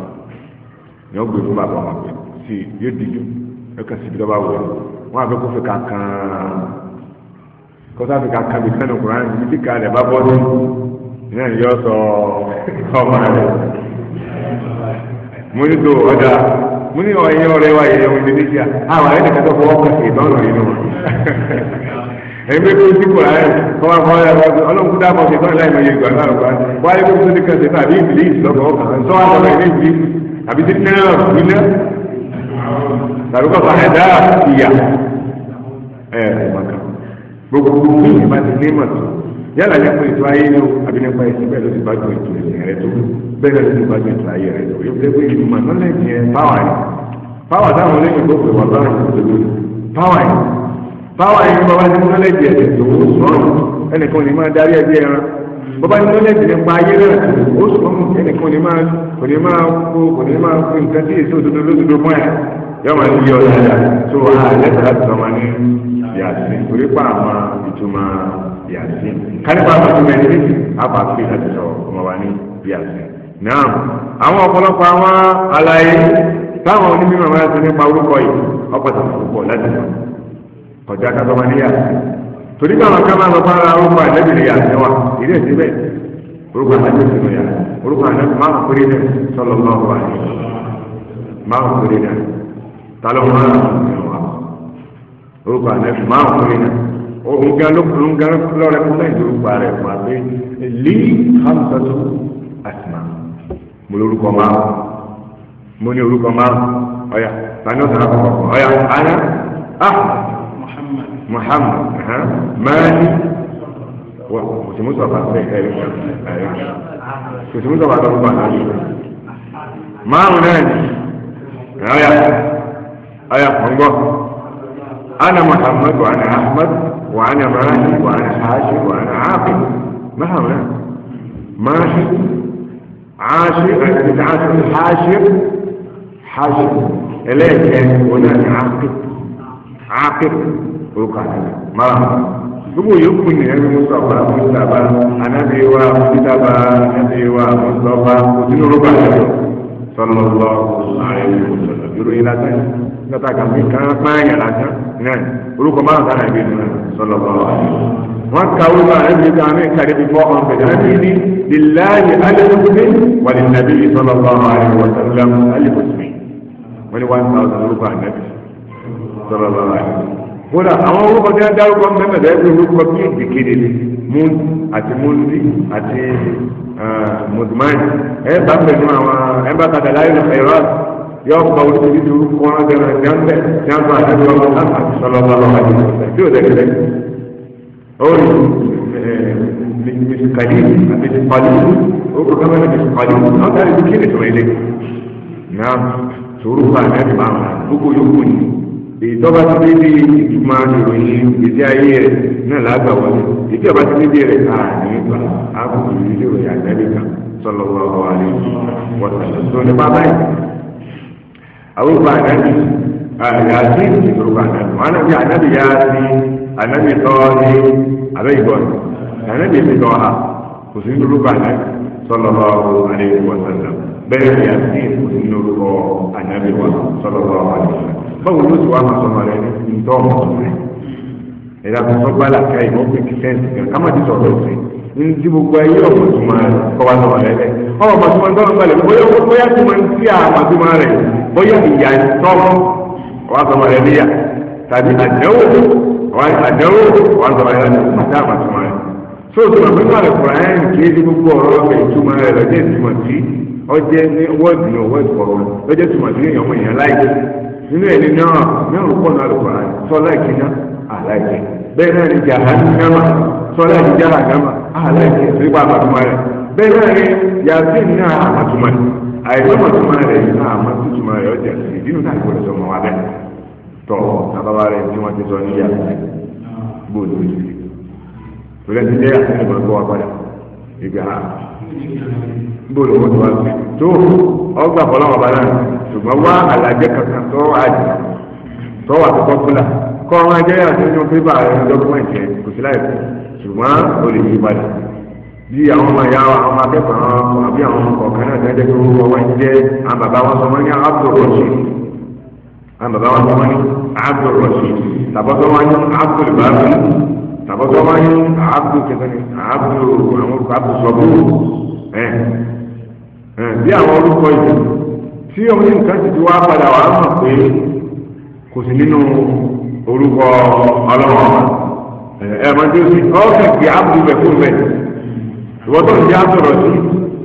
ni ó gbé fún bàbá wọn pé sí yóò dìjọ ẹ kàn síbi lọ́ba wọ̀ wọn àfẹ́ kó fi kankan kọ́sá fi kankan bí sẹ́nu kùrán ní ti kan rẹ̀ bá bọ́ sí ìyá ni yóò sọ ọmọ rẹ̀ mo ní tó ọjà mo ní ọ̀yẹ́ ọ̀rẹ́ wa yẹ ọmọ Indonesia àwọn àyẹ̀ nìkan tó fọwọ́ kọ̀ọ̀kì ìdánwò nínú wọn ẹgbẹ́ tó ti kura ẹ kọ́wá kọ́ ẹ ọlọ́run kúndà bọ̀ ṣe kọ́ ẹ láì mọ̀ yẹ ìgbà náà wáyé kó tó ti kẹsẹ̀ tàbí ìbílí ìsọ̀kọ̀ ọ̀kan sọ́wọ́n àgbà àbí títí náà gbiná tàbí kọ́ sọ ẹ̀dá ìyà ẹ̀ ọ̀mọ̀ká gbogbo gbogbo ìyẹn bá ti ní ìmọ̀ tó yálà nípa ètò ayé ni o àbí nípa ẹ̀sìn bẹ́ẹ̀ ló ti bá ju ètò ẹ̀sìn rẹ tó bẹ́ẹ̀ ló bá ju ètò ayé rẹ tó yóò fẹ́ pé ìmọ̀ nọ́lẹ̀dì ẹ̀ páwà ni páwà táwọn olóyìn tó pè wà bá rẹ̀ tó lórí páwà ni páwà yìí bá wá ní nọ́lẹ̀dì ẹ̀ tó sọ̀rọ̀ ẹnìkan ò ní máa darí ẹgbẹ́ ẹran eh? bọ́bá ní lọ́lẹ́dì nípa ayé náà ó sọ fún ẹnì kan kò ní máa kó kò ní máa kó nǹkan tí èso òdodo lódodo mọ́ ẹ̀ yọ máa ń yí ọ dáadáa tó àlẹ́ tàbí àti ọmọ ní yàtí orí pa àwọn ìtumọ̀ yàtí kánípa àtúntò mẹ́rin ní àbáfíì láti sọ ọmọ wa ní yàtí. náà àwọn ọ̀pọ̀lọpọ̀ àwọn àlàyé táwọn onímọ̀ máa ń sọ nípa orúkọ yìí ọ̀pọ̀ torí káwọn kan máa lọ bá ara orúkọ àdébìrì yà ní wa ìdí èsì bẹ́ẹ̀ orúkọ àdébìrì sínú yà orúkọ àdébìrì máa ń péré náà sọlọ máa wà ní máa ń péré náà talọ máa ń péré wa orúkọ àdébìrì máa ń péré náà òun gan ló ń gan lọrẹ fún náà ìdúró gba rẹ fún abẹ lí hàmsàtú àtìmá mo ló orúkọ máa mo ní orúkọ máa ọyà tani ọ̀sán àkọ́kọ́ ọyà àná áhùn. محمد ها ماني وسموه بعد ايوه ايوه وسموه بعد ربع ما انا محمد وانا احمد وانا ماهي وانا حاشي وانا عاقل ما هناك ماشي عاشر متعاشر حاشر حاشر إليك هناك عاقل عاقب orúkọ àti mara gbogbo yòókù ni ẹni mustapha mustapha anabiwa mustapha anabiwa mustapha òtún orúkọ àti sọlọ lọ ààrẹ ìwòsàn ìrò yìí lásán nígbà kan bí kan pààyàn lásán náà orúkọ márùn sára ìbí nínú sọlọ lọ wọn ka orúkọ ààrẹ ìbí kan ní kàdé bí fọ ọmọ bẹ̀rẹ̀ bí ní lilayi alẹ́kùnmí wà ní nàbí sọlọ lọ ààrẹ ìwòsàn sọ̀rọ̀ lọ́la kódà àwọn orúkọ tí wọ́n dárúkọ mẹ́mẹ́ bẹ́ẹ̀ bí orúkọ bí ìdíkèrè ni mún àti múndí àti mùsùlùmáì ẹ bá pẹ̀lú àwọn ẹ bá kadà láyé lọ ẹ̀rọ yóò gba oríṣiríṣi orúkọ wọn gẹ̀rọ jẹ́ńbẹ́ jẹ́ńbẹ́ àti ọmọ àti sọ̀rọ̀ lọ́la àti tí ò dẹ́gbẹ́ orí mẹsìkàlì àti mẹsìkàlì orúkọ kan mẹ́rin mẹsìkàlì ọ̀gá ìdíkèrè sọ̀rọ̀ ilé náà sọ̀rọ̀ fún àná ìtọ́ba ti dé bí ìtumọ̀ ìròyìn ìgbésí ayé rẹ̀ náà lágbà wọlé ìdí ọba ti dé rẹ̀ ká nípa àbùkù ìrírí ìròyìn àgbẹ̀bí kan sọlọ wọ ọ àlẹ wọtàlẹ tó nípa báyìí. àwọn ìgbà ànábì àyàtí ìṣòro kan ànábì wọn ànábì ànábì yá sí ànábì tọ́ ní abẹ́ ìbọn ànábì èmi tọ́ ha kò sí ní orúkọ ànábì sọlọ wọ ọ àlẹ wọtàlẹ bẹ́ẹ̀ ni sí ní orúkọ ànábì wọn sọlọ wọ ọ àlẹ wọtàlẹ báwo ló ti wá máa sọmọ rẹ ní ìtọ́ ọmọ rẹ ẹ̀rọ àtúntò gbá làkà ìmọ̀ pé kí sẹ́ǹsì kan ká má ti sọ̀rọ̀ ẹ̀sìn ní ti gbogbo ayé ọ̀pọ̀ tó máa kọ́ wa sọmọ rẹ lẹ ọ̀rọ̀ pàtó máa ń tọ́nu balẹ̀ bóyá bóyá tó máa ń tí a máa tó máa rẹ bóyá ìyá tọ́mọ wa sọmọ rẹ níyà tàbí àdánwò wa àdánwò wa sọmọ rẹ lẹ pàtó àmà tó máa rẹ so tó máa pínpín àlẹ́ kura ẹ̀ ń ké ní gbogbo ọ̀rọ̀ ọ̀fẹ́ ìtumọ̀ nínú ẹni náà mẹ́rùn pọ̀ náà lùkọ́ àyè sọ́lá ìkíná àláìkẹ́ bẹ́ẹ̀ náà ni jahannama sọ́lá ìjahannama àláìkẹ́ sípò àmàtúmọ̀ rẹ̀ bẹ́ẹ̀ náà ni yàtìn náà àmàtúmọ̀ rẹ̀ àìsàn àmàtúmọ̀ rẹ̀ náà àmàtúmọ̀ rẹ̀ ọjà sí ìdí náà kò lè sọ ọmọ wa tí ti sọ níyà ìgbà bóòlù wọn tó wá sí tó ọgbà fọlọ́wọ́n bá náà ṣùgbọ́n wá àlàjẹ kankan tó àjẹ tó wà tó pọ́pùlà kọ́ ọmọ ẹgbẹ́ yàrá tó ń yan pépà rẹ̀ ní dọ́kúmẹ̀ntì ẹ̀ kò sí láì fún ṣùgbọ́n o lè yí padà bí àwọn ọmọ ìyá wa ọmọ akẹ́kọ̀ọ́ àwọn àbí àwọn ọmọ kọ̀ọ̀kan náà tẹ́jẹ́ pé owó wọn jẹ́ àwọn bàbá wọn sọ wọn ní abdulrọ̀ṣì àwọn bàbá wọn sọ wọn ní abdulrọ̀ṣì tàbọ́sọ wọn ní abdulbàbí tàbọ́sọ wọn ní abdulkẹsẹ̀ ní abdul àwọn abdulsọ̀bù bí àwọn orúkọ yìí tí ọmọ yìí nǹkan ti ti wá padà wà á mọ̀ pé kò sí nínú orúkọ ọlọ́wọ́ ẹ̀ẹ́dẹ́gbẹ́ tí ó sì ọ̀ọ́kẹ́ kì á bù bẹ̀ fún bẹ̀ ìwọ́n tó ń jẹ́ àtọ̀rọ̀ sí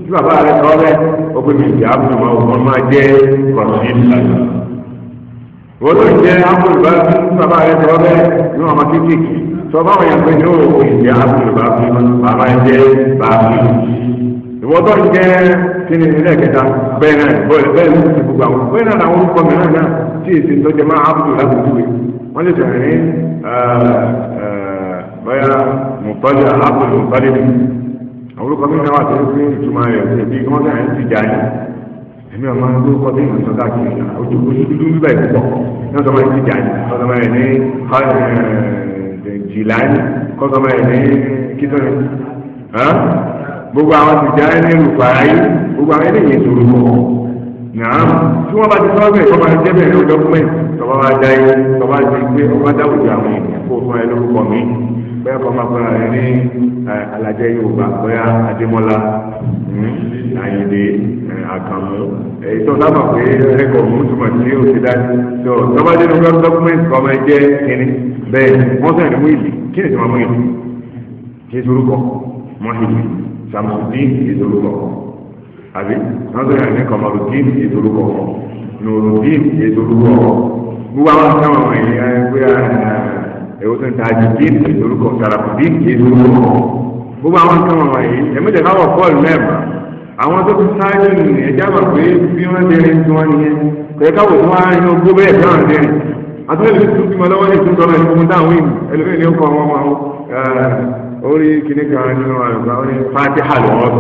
tí bàbá rẹ̀ kọ́ rẹ̀ ó pè mí kì á bù mọ́ ọmọ máa jẹ́ kọ̀ọ̀sì ìlànà ìwọ́n tó ń jẹ́ àbùrùbá sí tí bàbá rẹ̀ kọ́ rẹ̀ ní ọmọ kéékèèké tọ́ báwọn yẹn pé ní òògùn ìjẹ́ àbùrùbá fún bàbá jẹ́ bàbá ìwọ́n tó ń jẹ́ kíni ilé ẹ̀kẹta bẹ́ẹ̀ náà bọ́ọ̀lù bẹ́ẹ̀ ló ti gbogbo àwọn bẹ́ẹ̀ náà làwọn orúkọ mìíràn náà tí èsì ń tọ́jú máa ábùdù lábùdúwe wọ́n lè tẹ̀lé ní báyà mùtọ́jú ábùdù mùtọ́jú àwọn orúkọ mìíràn wà tó ń fi ìtumọ̀ rẹ̀ ṣe bí wọ́n náà ń ti jà ní èmi ọmọ ní orúkọ bí ìrìn sọ́dá kiri ojú ojú dúdú bíbá ìpọ̀ ní ní ọ̀sán gbogbo àwọn ti jáde ní rufaayi gbogbo àwọn ẹni yẹn sọ̀rọ̀ mọ nàá tí wọn bá ti sọ bẹ́ẹ̀ tọba jẹ bẹ́ẹ̀ ní dọkúmẹǹtì tọba bá dá yé tọba ti gbé ọba dáwùjọ àwọn èèyàn kó fún ẹ lórúkọ mi kọ máa ní alajẹ yorùbá bóyá adémọlá hm, àkànmú èyí tó pé ẹkọ dájú tó dé lórí dọkúmẹǹtì kọ máa jẹ samudin ìdorúkọ kan àbí wọn tó yàn ní kọmọrùdín ìdorúkọ kan nùrùdín ìdorúkọ kan gbogbo àwọn sáwọn ọmọ yìí ẹ pé ẹwọ tó ń ta àjùdín ìdorúkọ sàràbùdín ìdorúkọ kan gbogbo àwọn sáwọn ọmọ yìí ẹmẹjẹ káwọ bọọlù mẹba àwọn tó ti sáájú nìyí ẹjẹ àgbà pé bí wọn dẹrẹ tí wọn nìyẹn kẹ káwọ fún wa inú gbó bẹ́ẹ̀ fẹ́ràn dẹrẹ àtúnyẹlẹ tó ti mọ lọ́wọ́ ní ìtúntọ́ náà ìfowópamọ́ dáhùn ìlú ẹlẹmẹlẹ ń kọ ọmọ ọmọ àwọn orí kìíní kan nínú ní fatiha lọ́wọ́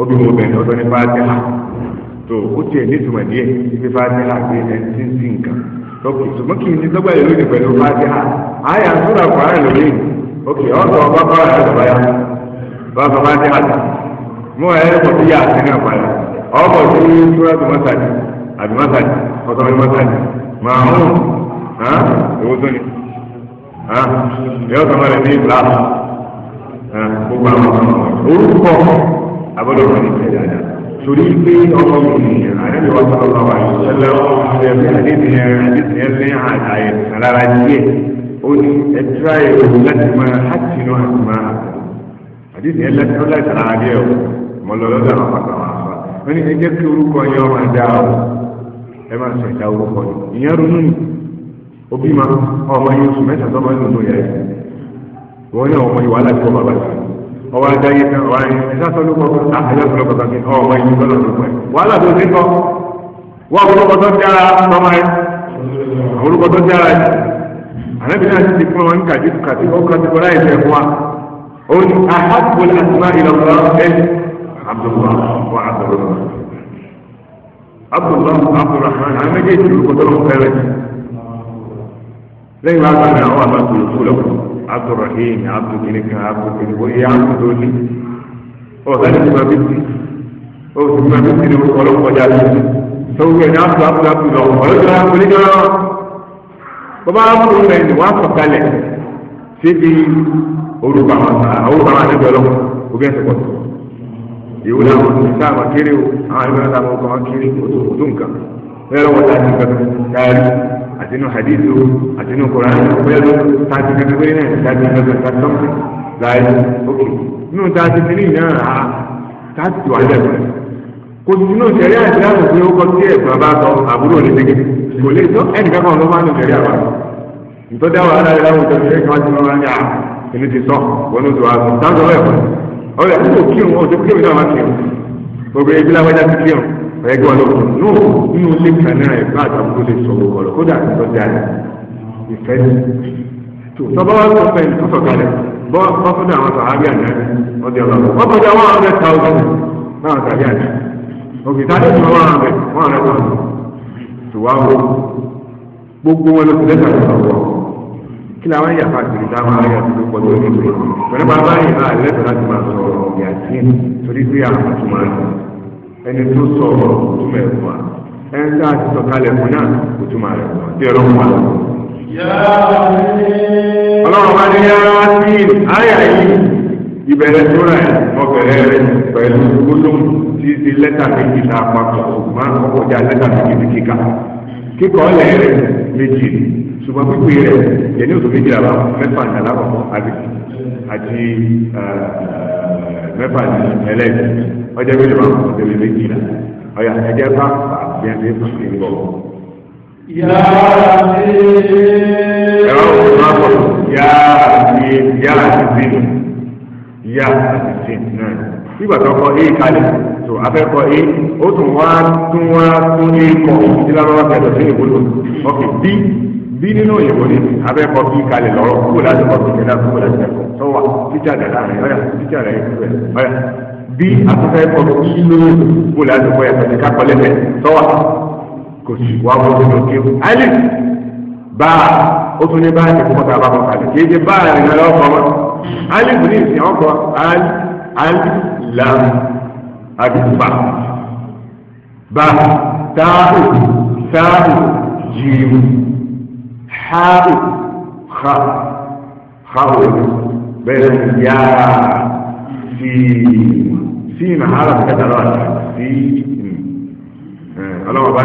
obì mo bẹ̀rẹ̀ ọ̀dọ́ ní fatiha tó ó tiẹ̀ nítumọ̀ díẹ̀ ibi fatiha gbé ń nǹkan lókè ní lọ́gbà pẹ̀lú fatiha àyà kọ́ àyà lórí òkè ọba fatiha tó mú ẹ ẹ̀kọ́ sí yà àti náà padà ọmọ sí sóra tó mọ́sàdì àbí mọ́sàdì ọ̀tọ̀ mi mọ́sàdì màmú ẹ̀wọ́ tó ni gbogbo àwọn ọmọ orúkọ àbọ̀dọ̀ wọn ní ìfẹ́ dáadáa torí pé ọmọ mi àdébí wọn sọ lọ wà lọ́sẹ̀lẹ̀ ọ̀sẹ̀lẹ̀ àdébìyẹn àdébìyẹn ní àdáyé rárá díẹ̀ ó ní ẹ̀tíra ẹ̀rọ láti máa hàtì náà àti máa àdébìyẹn láti ọ̀la ìtara adìẹ o mọ lọ lọ́dọ̀ àwọn pàtàkì àwọn afa wọn ní ẹ jẹ́ kí orúkọ yẹn ọmọ dá o ẹ máa sọ ìta orúkọ yìí ìyẹn ronú ni òbí ma ọmọ yẹn oṣù mẹ́ta tó máa ń lò lóyè wọ́n ní ọmọ ìwà láti kọ́ bàbá yìí ọwọ́ adáyé kan wà ní ìsásọ́lùkọ́ kan àyàsọ́lùkọ́ kan kìí ọmọ ìlú tọ́lọ̀ tó pẹ́ wàhálà tó ti kọ́ wọ́n orúkọ tó ti ara tọ́mọ ẹ̀ orúkọ tó ti ara ẹ̀ àrẹ́bìnrin àti ti fún wọn ní kàdí kàdí ó kàdí kọ́ láì fẹ́ fún wa ó ní ahábùl àtúmá ìlọ́kọ̀ọ́ ẹ̀ lẹ́yìn wá gbàgbé àwọn àbá tó lọ́kùnrin abdulrahim abdulkinikan abdulkinikan ìyá abdulkini ọ̀sán ní ìgbà bíbí ó sì gbà bíbí ní orúkọ ló kọjá sí sọ́wọ́ ẹ̀ ní abdul abdul abdul lọ ọ̀rọ̀ tó yàgò ní jọ́rọ́ bàbá abdul rẹ̀ ni wọ́n á sọ̀kalẹ̀ síbi orúkọ àwọn orúkọ àwọn àti ìjọlọ́ òbí ẹ̀sẹ̀ pọ̀ ìwé làwọn ti sáàmà kiri o àwọn ìgbà náà sáàmà ọkọ̀ wọn kiri o tó nǹkan ẹ̀rọ wọn láti nǹkan kárí àtinú hadith o àtinú koran bóyá ló tààtì kankan péré náà tààtì kankan tààtì tọ́kì láàyè ok, nínú tààtì kìíní náà á tààtì tó àjẹ pẹ̀lú kò sí nínú sẹ̀rí àìsíláàmù pé ó kọ́ sí ẹ̀gbọ́n bá sọ àbúrò ní gbégbé kò lè tó ẹnìkan kan ló máa ń lo sẹ̀rí àbá ìtọ́jà wàhálà rẹ̀ láwùjọ ní ẹ̀ka ti máa ń yà èmi ti sọ wọnú tó wà sọ táwọn sọ bẹ́ẹ̀ fún ọ rẹ̀ kó kírun ó ti kírun ẹgbẹ́ ọlọ́kùn náà nínú ilé kan náà ẹ̀fọ́ àtàwọn tó lè sọ̀rọ̀ ọ̀rọ̀ kódà tó dára ìfẹ́ ni. tó sọ́bọ́ wá sọ pé nǹkan sọ̀kalẹ̀ bọ́ fọ́dọ̀ àwọn sàhábì àná ọdẹ ọlọ́kùn wọ́n kọjá one hundred thousand náà sàhábì àná òkè tá a lè sọ one hundred one hundred thousand tó wá wọ gbogbo wọn ló ti lẹ́sà lọ́wọ́ kí làwọn yàtọ̀ àtìrí táwọn ará yàtọ̀ ló pọ̀jù oníṣòro pẹ̀lú bàbá yìí náà lẹ́sọ̀ láti máa sọ ọ̀rọ̀ ìyàtí torí pé àwọn àtúmọ̀ rẹ̀ ẹni tó sọ̀rọ̀ òtúmọ̀ ẹ̀ fún wa ẹni tá a ti sọ̀kalẹ̀ fún náà òtúmọ̀ rẹ̀ fún wa tí ọ̀rọ̀ fún wa. ọlọ́run bá ní yára sí àyà yìí ìbẹ̀rẹ̀ tó rà ẹ̀ ọbẹ̀rẹ̀ rẹ̀ pẹ̀lú gbólóhùn tí ti lẹ́tà méjì náà papọ̀ ṣùgbọ́n ọkọ̀ kíkọ́ ọ̀lẹ̀ rẹ̀ méjì ṣùgbọ́n pípé rẹ̀ yẹn ní oṣù méjìlá bá mẹ́fà ní alákọ̀ọ́kọ́ àti mẹ́fà ní ẹlẹ́ẹ̀kì ọjọ́ méjì bá ọjọ́ méjì náà ọ̀yà ẹ̀jẹ̀ bá yẹn ní oṣù tí ń bọ̀. yàrá mi. ẹ̀rọ òṣèlú àpọ̀ yàrá mi yàrá mi yàrá mi nígbà tó kọ a kalẹ̀ tó afẹ́kọ̀ a ó tún wá tún wá tún a kọ tí lábáwá fẹ́ lọ sí ìbò lò ok b b nínú òyìnbó ni afẹ́kọ̀ b kalẹ̀ lọ́rọ̀ kó láti kọ́ tuntun náà kó láti kọ́ tó wà tíjà dàda rẹ̀ ọ̀yà tíjà rẹ̀ ọ̀yà b afẹ́kọ̀ b ló kó láti kọ́ ẹ̀fẹ̀ ní kakọ́ lẹ́fẹ̀ tó wà kò sí wà wọ́n tó lọ kéwù alif báà ó tún ní Ba, ní kókó tá a bá kọ́ kalẹ̀ kéde báà ní ọlọ́kọ̀ọ́ alif ní ìsìn ọkọ̀ alif لام أدفع با تاء ثاء جيم حاء خاء خاء بين يا سي سين حرف كترات سين ọlọ́wọ́ bá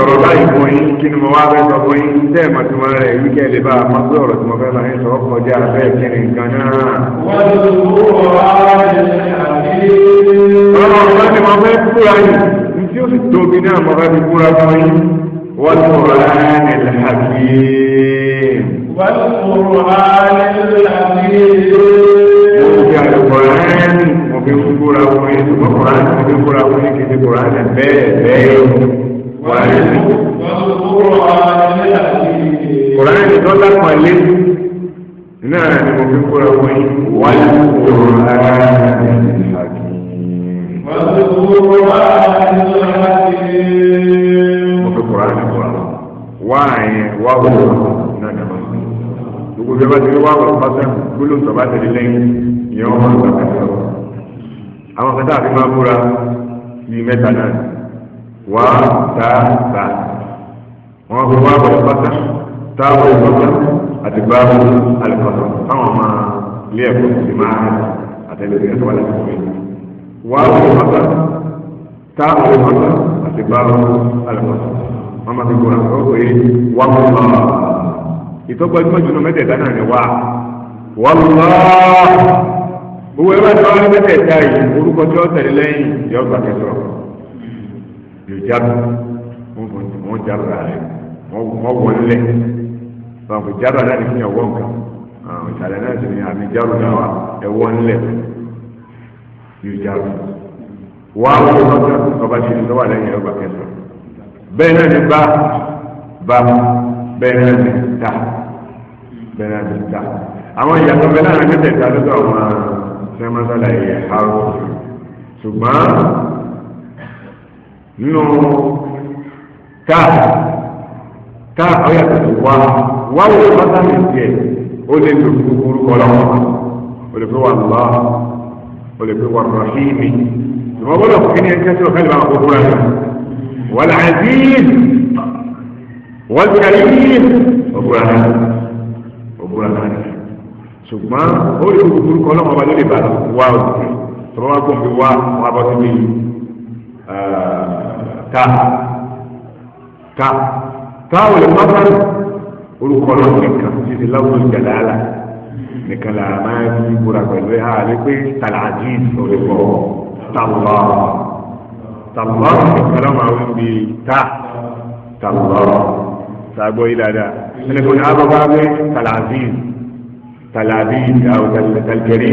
sọ̀rọ̀ báyìí fún yín kí ni mo wá fẹ́ sọ fún yín tẹ́ ẹ̀mọ̀ tí wọ́n rẹ̀ wí kẹ́ lè bá a máa pé ọ̀rọ̀ tí mo fẹ́ máa ń sọ kọjá bẹ́ẹ̀ kí ni nǹkan náà. wọ́n ti kú ni mo fẹ́ kúra yìí ní tí ó sì tóbi náà mo fẹ́ fi kúra fún yín. wọ́n ti kúra ẹ̀lẹ́hàkìí. wọ́n ti kúra ẹ̀lẹ́hàkìí. mo fi kúra fún yín mo fi kúra fún yín kí kùránì tó lápá lé náà ni mo fi kúra wọ́n yìí wáyé kúrò láàárín ìlàjì. wọ́n ti kúrò láàárín ìlàjì. mo fi kùránì kúra wá àyẹn wá wò náà ni a máa ń sọ gbogbo ìjọba ti rí wá wò pátá gbólóhùn tó bá tẹ̀lé lẹ́yìn ìyẹn wọn máa ń sọ àwọn kan tá a fi máa kúra bíi mẹ́ta náà wá tá tá wọ́n fi wá bọ̀dọ̀ pátá tá bọ̀dọ̀ pátá àti bá alùpàtà táwọn ọmọ ilé ẹ̀kọ́ ti máa àtẹlẹsẹ ẹ̀kọ́ wà láti fún mi wá bọ̀dọ̀ pátá tá bọ̀dọ̀ pátá àti bá alùpàtà wọ́n máa fi gbọ́ra ọ̀rọ̀ yìí wá bọ̀dọ̀ ìtọ́gbàjúmọ̀ jùlọ mẹ́tẹ̀ẹ̀ta náà ni wá wọ́lọ́ gbogbo ẹ bá tọ́ ọ́ mẹ́tẹ̀ẹ̀ta yìí orúkọ yóò jábù wọn jábù rà rẹ wọn wọlé wọn kò jábù rà rẹ fún ẹwọ nǹkan àwọn ìsàlẹ̀ náà sì ni àmì jábù náà wà ẹwọ ńlẹ̀ yóò jábù wà á wọlé wọn jábù ọba ṣe ní lọ́wọ́ àlẹ́yìn ẹ̀rọ kẹsàn bẹ́ẹ̀ náà ni bá bá bẹ́ẹ̀ náà ni ta bẹ́ẹ̀ náà ni ta àwọn ìyàtọ̀ bẹ́ẹ̀ náà ni kẹ́tẹ̀ẹ̀ta lọ́dọ̀ àwọn sẹ́mọ́sálà yìí àrùn ṣùgbọ́n. Nou, ta, ta a yate wak, wale wak sa mwenye, o le pou koul kolo, o le pou wak la, o le pou wak rahimi, wale wak la, wale wak la, wale wak la. Soukman, o le pou koul kolo wale wak la, wale wak la, wale wak la, wale wak la. ká ká káwé mọ́tàlù orúkọ náà nìkan títí láwùjọ jàdáàlà nìkan là máa fi búra pẹ̀lú ẹ̀ àlẹ́ pé tàlàjì orúkọ tàlọ́ tàlọ́ nìkan náà máa ń bi tá tàlọ́ tàgbọ́ yìí dáadáa ẹni kò ní abọ́ bá gbé tàlàjì tàlàjì àwọn tàlìkẹ́rì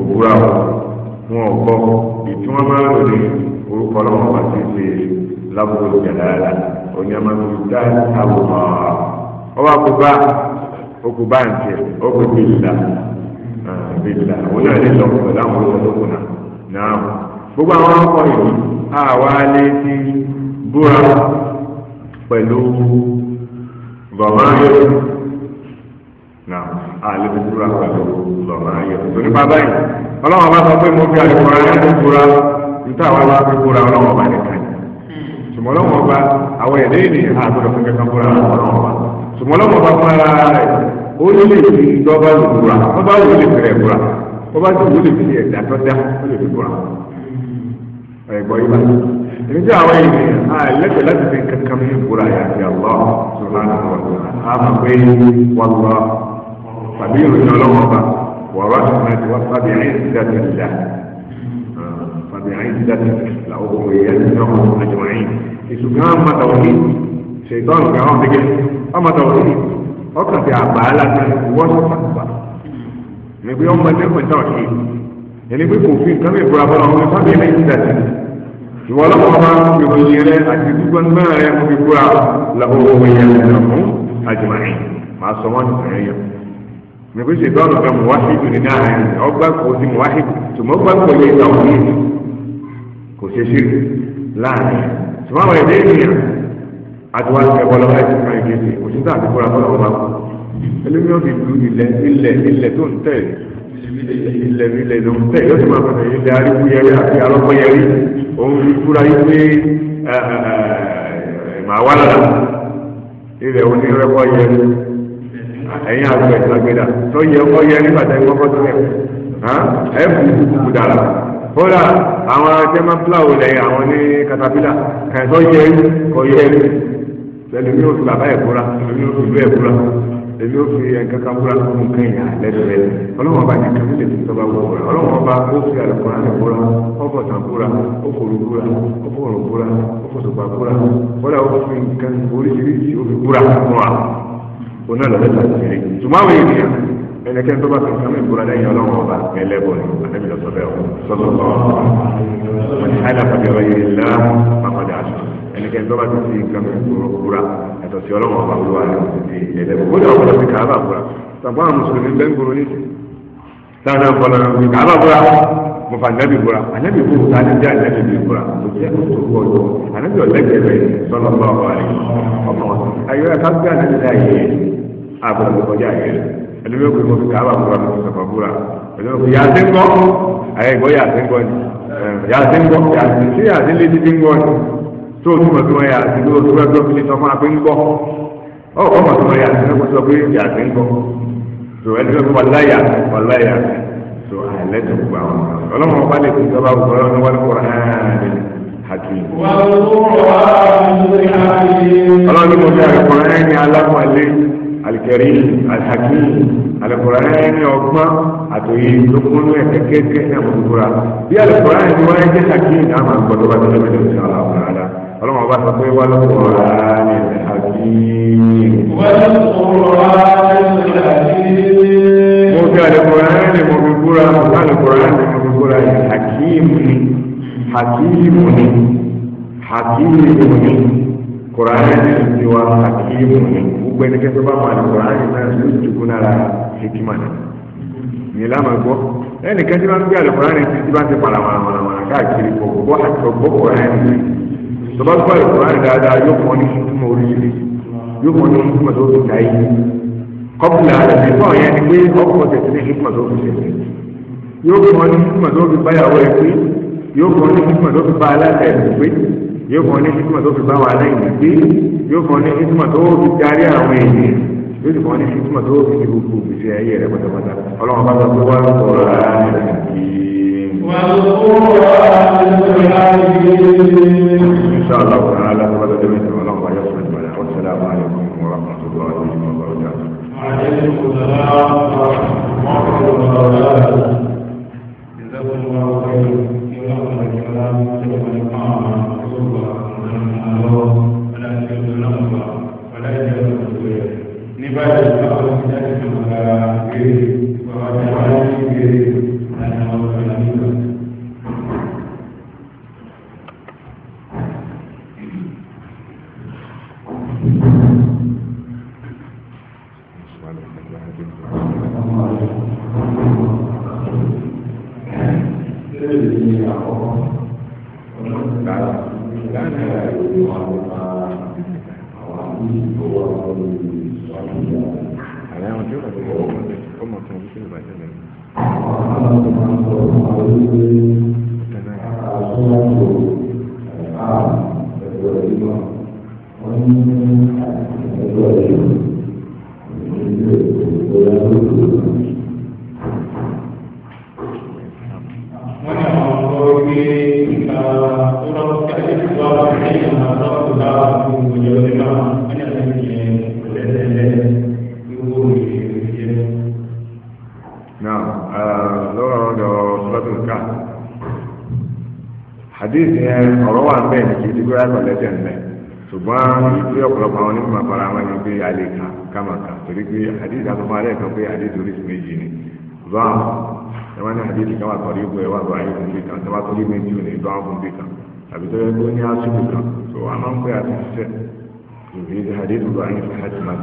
òwúrọ̀ wọn ò kọ́ ìtumọ̀ máa ń lò ní. orúkọ ọlọ́run bá ti ṣe lábúrò jàdáàlà òní a máa ọba kò bá okù lọ àwọn náà náà gbogbo àwọn yìí ti búra náà búra báyìí bá sọ pé mo fi àlùkò búra. níta àwọn wa fi kóra ọlọ́wọ́ ọba nìkan ṣùgbọ́n ọlọ́wọ́ ọba àwọn ẹ̀dẹ́ yìí ni àgbọ̀dọ̀ fi kankan kóra ọlọ́wọ́ ọba ṣùgbọ́n ọlọ́wọ́ ọba fún ara rẹ̀ ó lè fi dọ́gba lò kóra ọba wò lè fi rẹ̀ kóra ọba tó wò lè fi ẹ̀dá tó dá ó lè fi kóra ẹ̀gbọ́ yìí bá èmi tí àwọn ènìyàn á lẹ́tọ̀ọ́ láti fi kankan mi kóra yàtì àlọ́ sọ̀rọ̀ àmọ́ pé wọ́n lọ tàbí ìròyìn ọlọ́wọ́ ọba wọ̀rọ̀ àti wọn ti wá sábẹ̀ بعزة لأغوينهم أجمعين ìṣùgbọ́n ọmọ tàwọ̀kì ṣètọ́nù kan ọ̀hún tẹ́gẹ́ ọmọ tàwọ̀kì ọkàn ti àgbà aláṣẹ wọ́ọ̀sì pàtàkì ní pé ọmọ ẹgbẹ́ tàwọ̀kì ẹni pé kò fi nǹkan ìbúra bọ́lá ọmọ sábẹ́ ilé ìdàtì ìwọ ọlọ́pàá bá ìròyìn rẹ àti gbígbọ́n náà rẹ mo fi búra lọ́wọ́ wẹ̀yẹ̀ lọ́kùn àjùmáyìn máa sọ wọ́n nìkan yẹn ní pé ṣètọ́nù kan mọ̀ wáṣíìtì ní náà ọgbà kò sí mọ̀ wáṣíìtì tòmọ́ gbàgbọ́ yẹ ìtàwọn yìí kò ṣe ṣe láàrin ṣùgbọ́n àwọn ẹ̀dẹ́ ènìyàn àti wá ṣe bọ́lá láì fún ẹ̀dẹ́ ṣe kò sí tàbí kóra bọ́lá wọn bá kú ẹlẹ́mi ò fi lu ilẹ̀ ilẹ̀ ilẹ̀ tó ń tẹ̀ ilẹ̀ ilẹ̀ ló ń tẹ̀ yóò ti máa fẹsẹ̀ ilẹ̀ arígbó yẹrí àti arọ́pọ̀ yẹrí òun fi kúra yí pé màá wà lára ilẹ̀ onírẹ́pọ̀ yẹrí ẹ̀yin àgbẹ̀ àgbẹ̀dà tó yẹ ọkọ̀ yẹrí bàtà ẹ̀kọ́ kọ́ tó yẹ ẹ̀ fún kúkú dára kódà àwọn akẹ́mọ́ píláwò lẹ̀ àwọn ní katapila kẹ̀tọ́ yẹ ẹni kọ yẹ ẹni lẹ́nu mi ò fi bàbá ẹ̀ kúra lẹ́nu mi ò fi ìlú ẹ̀ kúra lẹ́nu mi ò fi ẹ̀ǹkankan kúra fún kẹ́yà lẹ́nu rẹ̀ ọlọ́wọ́n ọba nìkan ló lè fi tọ́ba wọ kúra ọlọ́wọ́n ọba ó fi àlùkòrán lè kúra ó fọ̀tàn kúra ó fòrò kúra ó fòrò kúra ó fòsòpà kúra kódà ó fi nǹkan oríṣiríṣi ó fi kúra fún wa onáàlọ́lẹ́ta ti rẹ̀ ṣùgbọ́n àwọn ènìyàn ẹnikẹ́ni tó bá fi nǹkan mi búra lẹ́yìn ọlọ́run ọba ẹlẹ́bọ̀ ni àtẹ́bí lọ sọ bẹ́ẹ̀ o sọ́sọ́ sọ́ alábàbẹ̀rẹ̀ yìí lá pàpàdé aṣọ ẹnikẹ́ni tó bá ti fi nǹkan mi búra ẹ̀tọ́ sí ọlọ́run ọba olúwa rẹ̀ ti ẹlẹ́bọ̀ ó dà ọ̀pọ̀lọpọ̀ kàábà búra tàbí àwọn mùsùlùmí bẹ́ẹ̀ ń búrú ní sáà náà fọlọ́ kàábà búra mo fa anabi bora anabi bora ta ni jẹ anabi bi bora o jẹ o tó bọ jọ anabi ọlẹgbẹrẹ sọlọ bá wà ní ọmọ ayọ ẹ ká gbé anabi náà yẹ abúlé kọjá yẹ ẹlẹ́mi ò pé mo fi káàbà búra mo fi sọ̀fà búra ẹlẹ́mi ò pé yàtí ń gbọ́ ayé ìgbọ́ yàtí ń gbọ́ ni yàtí ń gbọ́ yàtí sí yàtí lé títí ń gbọ́ ni tó o túmọ̀ tó wọn yàtí tó o túmọ̀ tó fi sọ máa pé ń gbọ́ ọ̀ ọ̀ mọ̀ tó wọn yàtí ń sọ pé yàtí ń tó ẹni tó láyà wà láyà tó àìlẹ́ alikẹri alihaki alikọrọ yẹn ní ọgbọ́n àtòyè lókunú ẹ kékeré ní àwọn olùkura bí alikọrọ yẹn ní wọn jẹ haki ní àwọn àgbọ́dọ̀ bá tẹ́lẹ̀ bẹ́ẹ̀ ní ọlọ́run ọlọ́run ọlọ́run ọba sọ pé wọn lọkọrọ ní haki. wọn lọkọrọ ní haki. mo fi alikọrọ yẹn ní mo fi alikọrọ yẹn ní mo fi kúra yẹn hakimu ni hakimu tiwa hakimu ni gbogbo ẹnikẹ́ni tó bá mọ àlùkòrò àyè náà yóò dùkú nára hekima náà ìyẹn lámà gbọ́ ẹnikẹ́ni tó bá ń gbé àlùkòrò àyè ti ti bá ti para wàràwàrà káàkiri kò gbọ́ àkọ́kọ́ àyè nìyẹn tó bá gbọ́ àlùkòrò àyè dáadáa yóò fọ́ ní ìtumọ̀ oríire yóò fọ́ ní ìtumọ̀ tó fi dáyé kọ́pùlà rẹ̀ nípa ọ̀yẹ́ ni pé ọkọ̀ tẹ̀sí ní ìtumọ̀ tó fi ṣẹlẹ̀ yóò fọ́ ní ìtumọ̀ tó fi báyàwó ẹ̀ pé yóò fọ́ ní ìtumọ̀ tó fi bá aláta ẹ̀ yóò fọ ní hikima tó fi darí àwọn èèyàn yóò sì fọ ní hikima tó fi di gbogbo gbèsè ayé rẹ pátápátá ọlọ́run bá sọ pé wà ló kọ́ ra rẹ̀ kí. wà ló kọ́ ra rẹ̀ kí. insha Allah wa ta'ala wa ta'ala bá yẹ fún ẹ̀jọ̀ rẹ̀ wọ́n sẹ́lá máa yẹ fún ìmọ̀ ọ̀rọ̀ kan tó bá wà lórí ìmọ̀ ọ̀rọ̀ jà. Thank you. Ibadah Allah tidak dikenal kiri, bahwa jalan kiri àdéhùn yẹn ọ̀rọ̀ wà bẹ́ẹ̀ ní kí ìdíkúrẹ́ àgbàlẹ́tẹ̀ ń bẹ̀ ṣùgbọ́n ìpè ọ̀pọ̀lọpọ̀ àwọn onímọ̀ àpárá wọn ni pé a lè kà kàmà kà torí pé àdéhùn ìdájọ́ máa rẹ̀ kan pé àdéhùn oríṣi méjì ni báà ẹ máa ní àdéhùn kan wà tọ́lé ìbò ẹ̀ wà bọ̀ ayé fún bí kan tó bá tọ́lé méjì ò ní bá wọn fún bí kan tàbí tó yẹ kó ní aṣojú kan tó a máa ń pè àti ṣiṣẹ́ ìrèé àdéhùn bá yín fún àti máa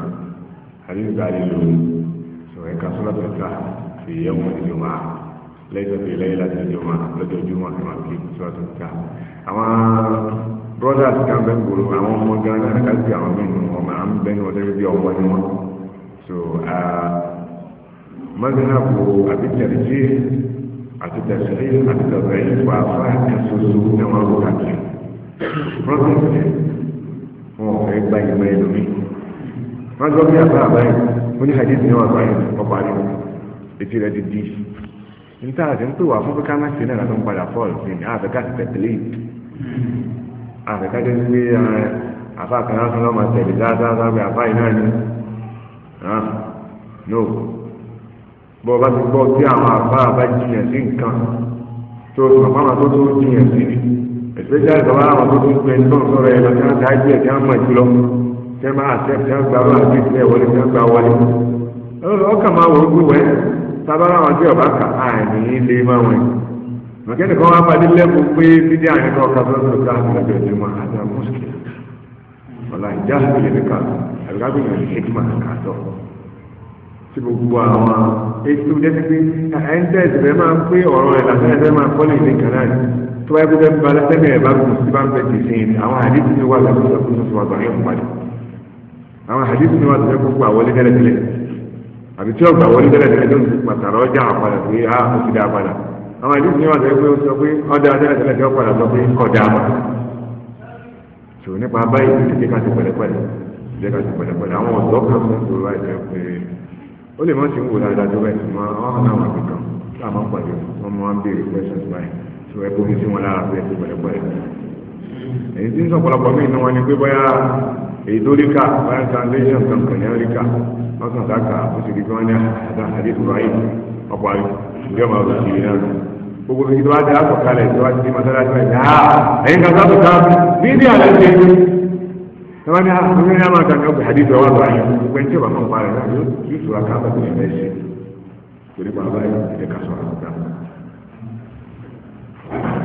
àdéhùn lẹ́jọ́ tó ilẹ̀ láti ìjọba lọ́jọ́júmọ́ àti màkì ìṣúwàtò ká àwọn brothers kan bẹ́ẹ̀ gbòòrò àwọn ọmọ gan náà ká sí àwọn mẹ́rin ọmọ à ń bẹ́ẹ̀ ní ọdẹ bí ọmọ ni wọn so mọ́tẹ́nàbù àti tẹ̀lẹ́sí àti tẹ̀sílẹ̀ àti tẹ̀sílẹ̀ yìí wà fún àkàtúntò ní wọn lò káàkiri brothers yẹn wọn ò fẹ́ gba ìmọ̀ ẹ̀ lómi wọn gbọ́ bí àbá àbáyé wọn ní hadith ní wọn àbáyé ọ̀pá àdìmọ̀ etí rẹ̀ ti di níta àti ń pè wá fún pé ká má ṣe náà tó ń padà fọ́ọ̀lù se ni àfẹ́ká ti tẹ̀lé àfẹ́ká se pé àfa kan lásán lọ́mọ tẹ̀lé dáadáa pé àfa yìí náà ni no bọ́ ọ bá ti gbọ́ tí àwọn àfa àbá jiyàn sí nǹkan tó o sọ fáwọn tó tó jiyàn sí ni especially bàbá àwọn tó tó ń pè ní tó ń sọ̀rọ̀ ẹ̀ lọ́sẹ̀ náà dájú ẹ̀ tí wọ́n mọ̀ jùlọ tẹ́ máa tẹ́ tẹ́ gbà wọlé tẹ́ gbà wọlé ọkàn máa wọ̀ ó gbé wẹ́ẹ́. tabara wọn tí ọba kà á ní ilé máa wọn yìí mọ̀kẹ́ni kan wá padì lẹ́kọ̀ọ́ pé bídí àyẹ̀ kan ọ̀ka tó ń sọ̀tà àtìlẹ́bẹ̀ẹ́ ti mọ àti ka ọ̀la ìjà ìpìlẹ̀ nìkan àbíkábí ìyẹn ní hekima kàtọ́ tí gbogbo àwọn ètò jẹ́sí pé ẹ̀ńtẹ́s rẹ̀ máa ń pé ọ̀rọ̀ rẹ̀ lásán ẹ̀fẹ́ máa kọ́ lè ní kànáà ní tó bá gbé bá lẹ́sẹ̀mí ẹ̀ bá kù sí bá àbí tí ọgbà wọlé tẹ́lẹ̀ tẹ́lẹ̀ tó ń fi pàtàkì ọjà àpàdà pé a ó ti dá padà àwọn àdìsí ni wọn sọ pé ó sọ pé ọdẹ tẹ́lẹ̀ tẹ́lẹ̀ tí ó padà sọ pé kọjá padà tò nípa báyìí ti jẹ́ ká ti pẹ̀lẹ́pẹ̀lẹ́ jẹ́ ká ti pẹ̀lẹ́pẹ̀lẹ́ àwọn ọ̀dọ́ kan fún ìṣòro àìsàn pé ó lè mọ̀ sí ń wò dáadáa tó bẹ́ẹ̀ mọ ọ̀hún náà wà kankan tá a máa ń pàdé wọn máa ń béèrè pẹ̀sẹ̀ èyí tí ń sọ̀pọ̀lọpọ̀ mí inú wọn ni pé bóyá èyí bóyá translation kan kàn ní rí wọ́n kàn sá ndị ó sì rí ní àdá ndị ráyè ọ̀pọ̀ àyè ìjọba ọ̀rọ̀ sí ìrìn àná gbogbo mi tó bá ti ti di ẹ̀yin kan sábà ká àlẹ́ ah, ní àwọn kan ní ọgbẹ́